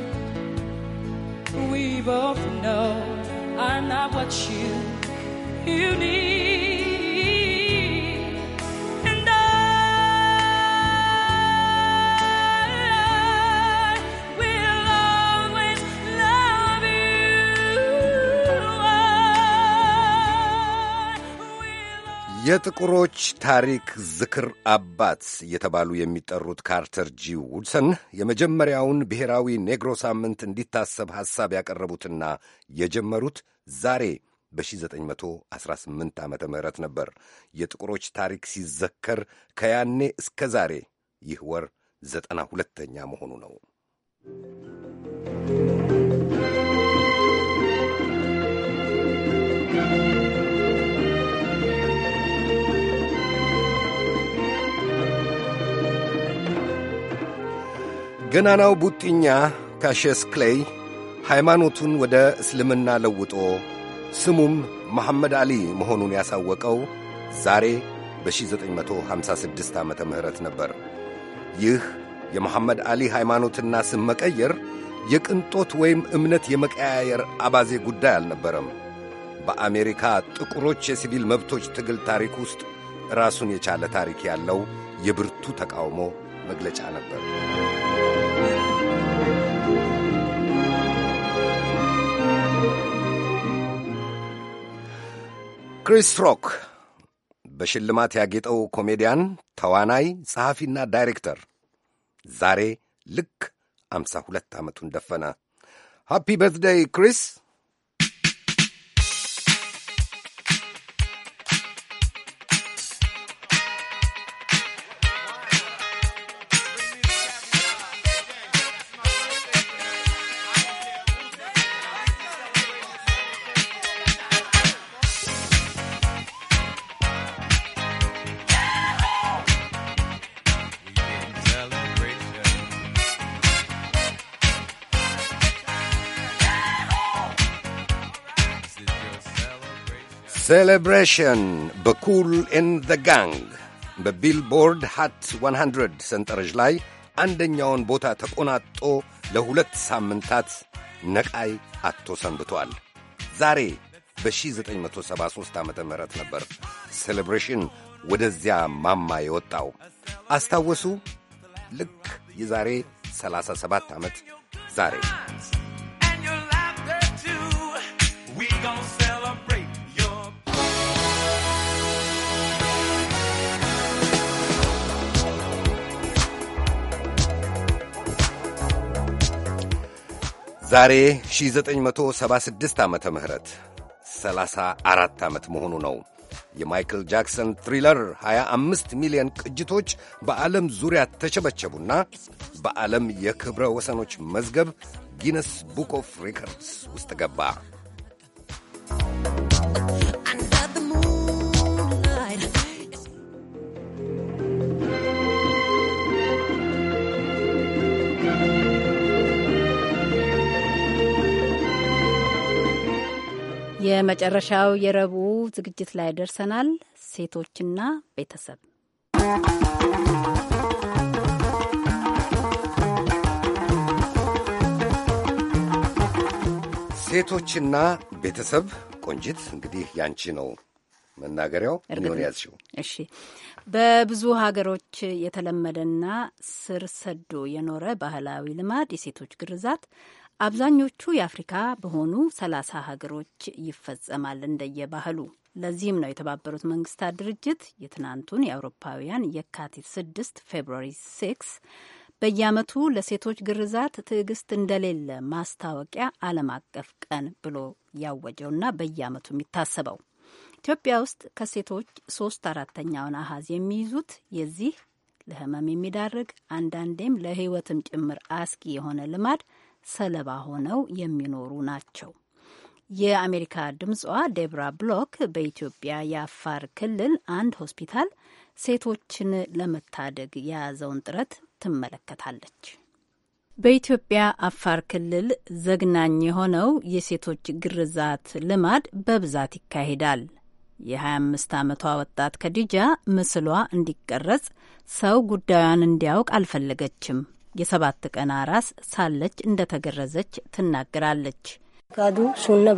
We both know I'm not what you you need. የጥቁሮች ታሪክ ዝክር አባት እየተባሉ የሚጠሩት ካርተር ጂ ውድሰን የመጀመሪያውን ብሔራዊ ኔግሮ ሳምንት እንዲታሰብ ሐሳብ ያቀረቡትና የጀመሩት ዛሬ በ1918 ዓ ም ነበር። የጥቁሮች ታሪክ ሲዘከር ከያኔ እስከ ዛሬ ይህ ወር ዘጠና ሁለተኛ መሆኑ ነው። ገናናው ቡጢኛ ካሸስ ክሌይ ሃይማኖቱን ወደ እስልምና ለውጦ ስሙም መሐመድ አሊ መሆኑን ያሳወቀው ዛሬ በ1956 ዓ. ም ነበር። ይህ የመሐመድ አሊ ሃይማኖትና ስም መቀየር የቅንጦት ወይም እምነት የመቀያየር አባዜ ጉዳይ አልነበረም። በአሜሪካ ጥቁሮች የሲቪል መብቶች ትግል ታሪክ ውስጥ ራሱን የቻለ ታሪክ ያለው የብርቱ ተቃውሞ መግለጫ ነበር። ክሪስ ሮክ በሽልማት ያጌጠው ኮሜዲያን፣ ተዋናይ፣ ጸሐፊና ዳይሬክተር ዛሬ ልክ አምሳ ሁለት ዓመቱን ደፈነ። ሃፒ በርትደይ ክሪስ ሴሌብሬሽን በኩል ኢን ዘ ጋንግ በቢልቦርድ ሃት 100 ሰንጠረዥ ላይ አንደኛውን ቦታ ተቆናጦ ለሁለት ሳምንታት ነቃይ አጥቶ ሰንብቷል። ዛሬ በ1973 ዓ ም ነበር ሴሌብሬሽን ወደዚያ ማማ የወጣው። አስታወሱ ልክ የዛሬ 37 ዓመት ዛሬ ዛሬ 1976 ዓመተ ምህረት 34 ዓመት መሆኑ ነው። የማይክል ጃክሰን ትሪለር 25 ሚሊዮን ቅጅቶች በዓለም ዙሪያ ተቸበቸቡና በዓለም የክብረ ወሰኖች መዝገብ ጊነስ ቡክ ኦፍ ሪከርድስ ውስጥ ገባ። የመጨረሻው የረቡዕ ዝግጅት ላይ ደርሰናል። ሴቶችና ቤተሰብ ሴቶችና ቤተሰብ ቆንጂት፣ እንግዲህ ያንቺ ነው መናገሪያው። ምን ያዝሽው? እሺ በብዙ ሀገሮች የተለመደና ስር ሰዶ የኖረ ባህላዊ ልማድ የሴቶች ግርዛት አብዛኞቹ የአፍሪካ በሆኑ ሰላሳ ሀገሮች ይፈጸማል እንደየባህሉ። ለዚህም ነው የተባበሩት መንግስታት ድርጅት የትናንቱን የአውሮፓውያን የካቲት ስድስት ፌብሩዋሪ ሲክስ በየአመቱ ለሴቶች ግርዛት ትዕግስት እንደሌለ ማስታወቂያ ዓለም አቀፍ ቀን ብሎ ያወጀውና በየአመቱ የሚታሰበው ኢትዮጵያ ውስጥ ከሴቶች ሶስት አራተኛውን አሀዝ የሚይዙት የዚህ ለህመም የሚዳርግ አንዳንዴም ለህይወትም ጭምር አስጊ የሆነ ልማድ ሰለባ ሆነው የሚኖሩ ናቸው። የአሜሪካ ድምጿ ዴብራ ብሎክ በኢትዮጵያ የአፋር ክልል አንድ ሆስፒታል ሴቶችን ለመታደግ የያዘውን ጥረት ትመለከታለች። በኢትዮጵያ አፋር ክልል ዘግናኝ የሆነው የሴቶች ግርዛት ልማድ በብዛት ይካሄዳል። የ25 ዓመቷ ወጣት ከዲጃ ምስሏ እንዲቀረጽ ሰው ጉዳዩን እንዲያውቅ አልፈለገችም። የሰባት ቀን አራስ ሳለች እንደተገረዘች ትናገራለች። ጋዱ ሱነ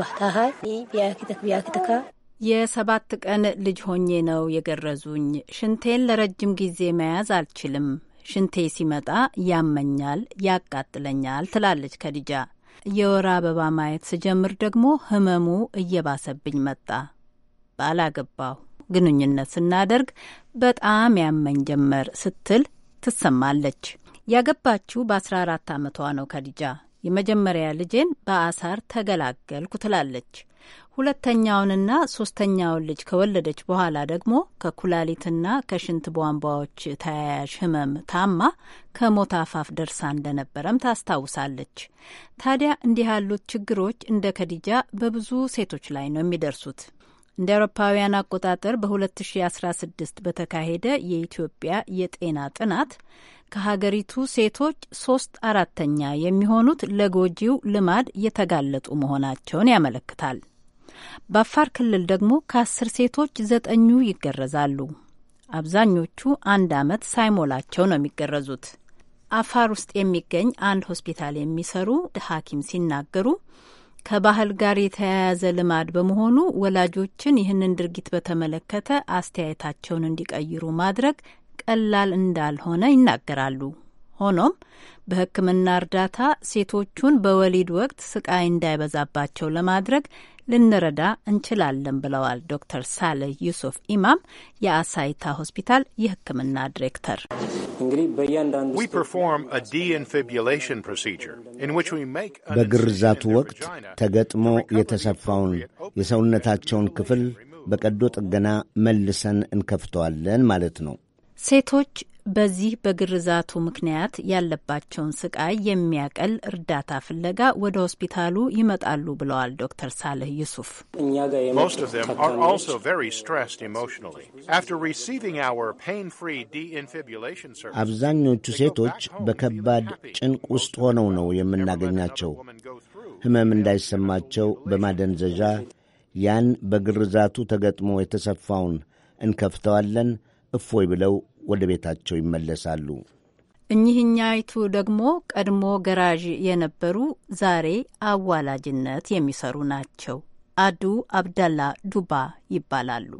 የሰባት ቀን ልጅ ሆኜ ነው የገረዙኝ። ሽንቴን ለረጅም ጊዜ መያዝ አልችልም። ሽንቴ ሲመጣ ያመኛል፣ ያቃጥለኛል ትላለች ከዲጃ። የወር አበባ ማየት ስጀምር ደግሞ ህመሙ እየባሰብኝ መጣ። አላገባሁ ግንኙነት ስናደርግ በጣም ያመኝ ጀመር ስትል ትሰማለች። ያገባችው በ14 ዓመቷ ነው። ከዲጃ የመጀመሪያ ልጄን በአሳር ተገላገልኩ ትላለች። ሁለተኛውንና ሶስተኛውን ልጅ ከወለደች በኋላ ደግሞ ከኩላሊትና ከሽንት ቧንቧዎች ተያያዥ ሕመም ታማ ከሞት አፋፍ ደርሳ እንደነበረም ታስታውሳለች። ታዲያ እንዲህ ያሉት ችግሮች እንደ ከዲጃ በብዙ ሴቶች ላይ ነው የሚደርሱት። እንደ አውሮፓውያን አቆጣጠር በ2016 በተካሄደ የኢትዮጵያ የጤና ጥናት ከሀገሪቱ ሴቶች ሶስት አራተኛ የሚሆኑት ለጎጂው ልማድ የተጋለጡ መሆናቸውን ያመለክታል። በአፋር ክልል ደግሞ ከአስር ሴቶች ዘጠኙ ይገረዛሉ። አብዛኞቹ አንድ ዓመት ሳይሞላቸው ነው የሚገረዙት። አፋር ውስጥ የሚገኝ አንድ ሆስፒታል የሚሰሩ ሐኪም ሲናገሩ ከባህል ጋር የተያያዘ ልማድ በመሆኑ ወላጆችን ይህንን ድርጊት በተመለከተ አስተያየታቸውን እንዲቀይሩ ማድረግ ቀላል እንዳልሆነ ይናገራሉ። ሆኖም በሕክምና እርዳታ ሴቶቹን በወሊድ ወቅት ስቃይ እንዳይበዛባቸው ለማድረግ ልንረዳ እንችላለን ብለዋል ዶክተር ሳልህ ዩሱፍ ኢማም የአሳይታ ሆስፒታል የህክምና ዲሬክተር። በግርዛቱ ወቅት ተገጥሞ የተሰፋውን የሰውነታቸውን ክፍል በቀዶ ጥገና መልሰን እንከፍተዋለን ማለት ነው። ሴቶች በዚህ በግርዛቱ ምክንያት ያለባቸውን ስቃይ የሚያቀል እርዳታ ፍለጋ ወደ ሆስፒታሉ ይመጣሉ ብለዋል ዶክተር ሳልህ ዩሱፍ። አብዛኞቹ ሴቶች በከባድ ጭንቅ ውስጥ ሆነው ነው የምናገኛቸው። ህመም እንዳይሰማቸው በማደንዘዣ ያን በግርዛቱ ተገጥሞ የተሰፋውን እንከፍተዋለን እፎይ ብለው ወደ ቤታቸው ይመለሳሉ። እኚህኛይቱ ደግሞ ቀድሞ ገራዥ የነበሩ ዛሬ አዋላጅነት የሚሰሩ ናቸው። አዱ አብዳላ ዱባ ይባላሉ።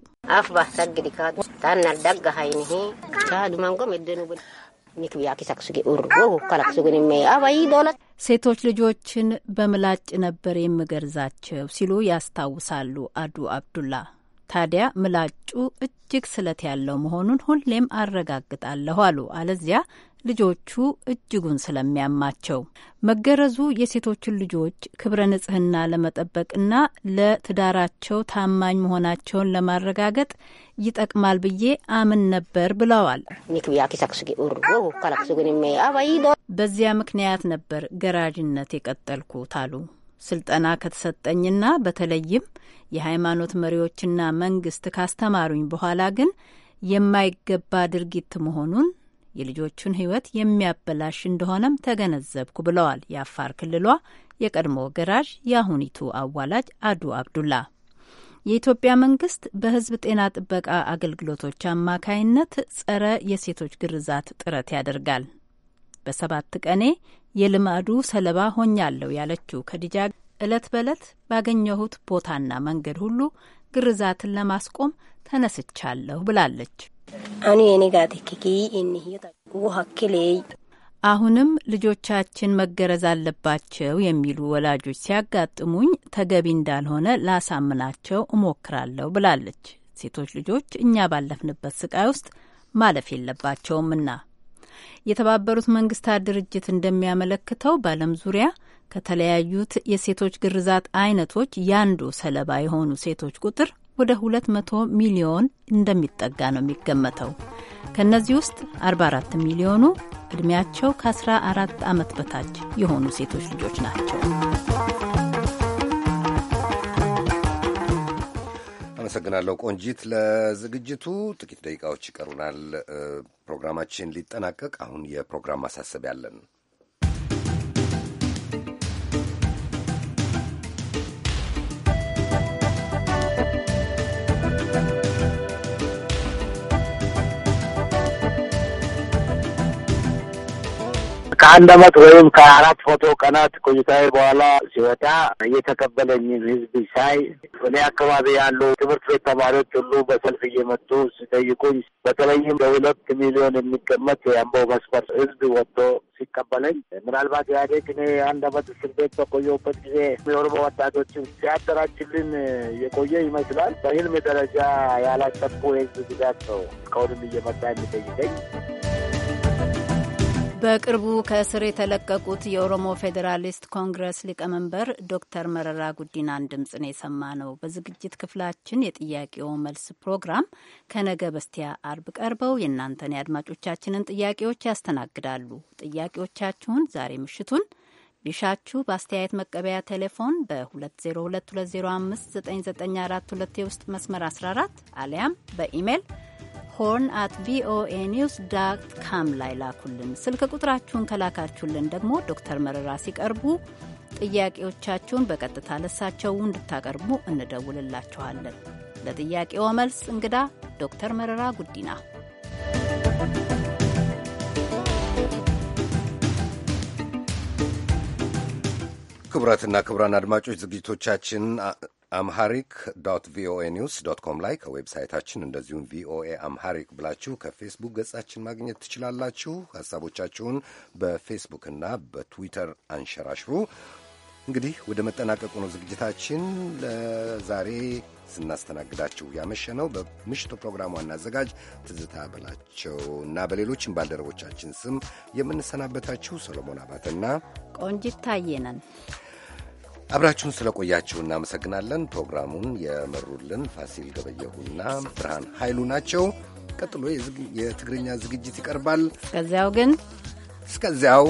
ሴቶች ልጆችን በምላጭ ነበር የምገርዛቸው ሲሉ ያስታውሳሉ አዱ አብዱላ ታዲያ ምላጩ እጅግ ስለት ያለው መሆኑን ሁሌም አረጋግጣለሁ አሉ። አለዚያ ልጆቹ እጅጉን ስለሚያማቸው መገረዙ የሴቶችን ልጆች ክብረ ንጽህና ለመጠበቅና ለትዳራቸው ታማኝ መሆናቸውን ለማረጋገጥ ይጠቅማል ብዬ አምን ነበር ብለዋል። በዚያ ምክንያት ነበር ገራዥነት የቀጠልኩት አሉ። ስልጠና ከተሰጠኝና በተለይም የሃይማኖት መሪዎችና መንግስት ካስተማሩኝ በኋላ ግን የማይገባ ድርጊት መሆኑን የልጆቹን ህይወት የሚያበላሽ እንደሆነም ተገነዘብኩ ብለዋል የአፋር ክልሏ የቀድሞ ገራዥ የአሁኒቱ አዋላጅ አዱ አብዱላ። የኢትዮጵያ መንግስት በህዝብ ጤና ጥበቃ አገልግሎቶች አማካይነት ጸረ የሴቶች ግርዛት ጥረት ያደርጋል። በሰባት ቀኔ የልማዱ ሰለባ ሆኛለሁ ያለችው ከዲጃ እለት በእለት ባገኘሁት ቦታና መንገድ ሁሉ ግርዛትን ለማስቆም ተነስቻለሁ ብላለች። አሁንም ልጆቻችን መገረዝ አለባቸው የሚሉ ወላጆች ሲያጋጥሙኝ ተገቢ እንዳልሆነ ላሳምናቸው እሞክራለሁ ብላለች። ሴቶች ልጆች እኛ ባለፍንበት ስቃይ ውስጥ ማለፍ የለባቸውምና የተባበሩት መንግስታት ድርጅት እንደሚያመለክተው በዓለም ዙሪያ ከተለያዩት የሴቶች ግርዛት አይነቶች ያንዱ ሰለባ የሆኑ ሴቶች ቁጥር ወደ 200 ሚሊዮን እንደሚጠጋ ነው የሚገመተው። ከእነዚህ ውስጥ 44 ሚሊዮኑ ዕድሜያቸው ከ14 ዓመት በታች የሆኑ ሴቶች ልጆች ናቸው። አመሰግናለሁ ቆንጂት ለዝግጅቱ። ጥቂት ደቂቃዎች ይቀሩናል ፕሮግራማችን ሊጠናቀቅ። አሁን የፕሮግራም ማሳሰቢያ አለን። ከአንድ አመት ወይም ከአራት ፎቶ ቀናት ቆይታዊ በኋላ ሲወጣ እየተቀበለኝን ህዝብ ሳይ እኔ አካባቢ ያሉ ትምህርት ቤት ተማሪዎች ሁሉ በሰልፍ እየመጡ ሲጠይቁኝ በተለይም በሁለት ሚሊዮን የሚገመት የአምቦ መስመር ህዝብ ወጥቶ ሲቀበለኝ ምናልባት ኢህአዴግ እኔ አንድ አመት እስር ቤት በቆየሁበት ጊዜ የኦሮሞ ወጣቶችን ሲያደራጅልን የቆየ ይመስላል። በህልም ደረጃ ያላሰብኩ የህዝብ ብዛት ነው እስካሁንም እየመጣ የሚጠይቀኝ በቅርቡ ከእስር የተለቀቁት የኦሮሞ ፌዴራሊስት ኮንግረስ ሊቀመንበር ዶክተር መረራ ጉዲናን ድምፅ ነው በዝግጅት ክፍላችን የጥያቄው መልስ ፕሮግራም ከነገ በስቲያ አርብ ቀርበው የእናንተን የአድማጮቻችንን ጥያቄዎች ያስተናግዳሉ። ጥያቄዎቻችሁን ዛሬ ምሽቱን ቢሻችሁ በአስተያየት መቀበያ ቴሌፎን በ2022059942 የውስጥ መስመር 14 አሊያም በኢሜል ሆርን አት ቪኦኤ ኒውስ ዳት ካም ላይ ላኩልን። ስልክ ቁጥራችሁን ከላካችሁልን ደግሞ ዶክተር መረራ ሲቀርቡ ጥያቄዎቻችሁን በቀጥታ ለሳቸው እንድታቀርቡ እንደውልላችኋለን። ለጥያቄው መልስ እንግዳ ዶክተር መረራ ጉዲና ክቡራትና ክቡራን አድማጮች ዝግጅቶቻችን አምሃሪክ ዶት ቪኦኤ ኒውስ ዶት ኮም ላይ ከዌብሳይታችን እንደዚሁም ቪኦኤ አምሃሪክ ብላችሁ ከፌስቡክ ገጻችን ማግኘት ትችላላችሁ። ሀሳቦቻችሁን በፌስቡክና በትዊተር አንሸራሽሩ። እንግዲህ ወደ መጠናቀቁ ነው ዝግጅታችን። ለዛሬ ስናስተናግዳችሁ ያመሸነው በምሽቱ ፕሮግራም ዋና አዘጋጅ ትዝታ በላቸው እና በሌሎችም ባልደረቦቻችን ስም የምንሰናበታችሁ ሰሎሞን አባተና ቆንጂት ታየነን። አብራችሁን ስለቆያችሁ እናመሰግናለን። ፕሮግራሙን የመሩልን ፋሲል ገበየሁና ብርሃን ኃይሉ ናቸው። ቀጥሎ የትግርኛ ዝግጅት ይቀርባል። እስከዚያው ግን እስከዚያው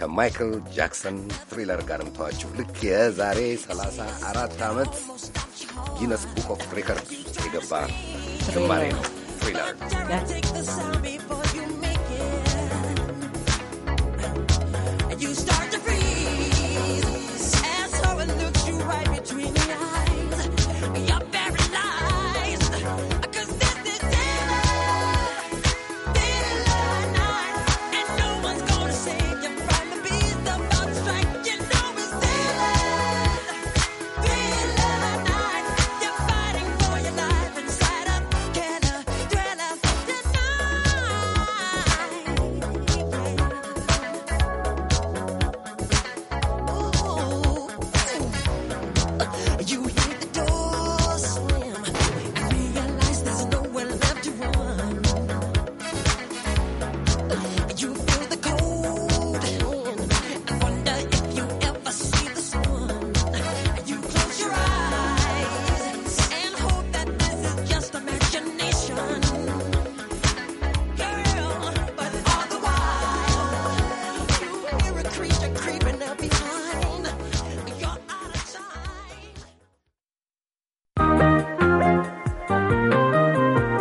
ከማይክል ጃክሰን ትሪለር ጋርም ተዋችሁ። ልክ የዛሬ 34 ዓመት ጊነስ ቡክ ኦፍ ሬከርድ የገባ ዝማሬ ነው ትሪለር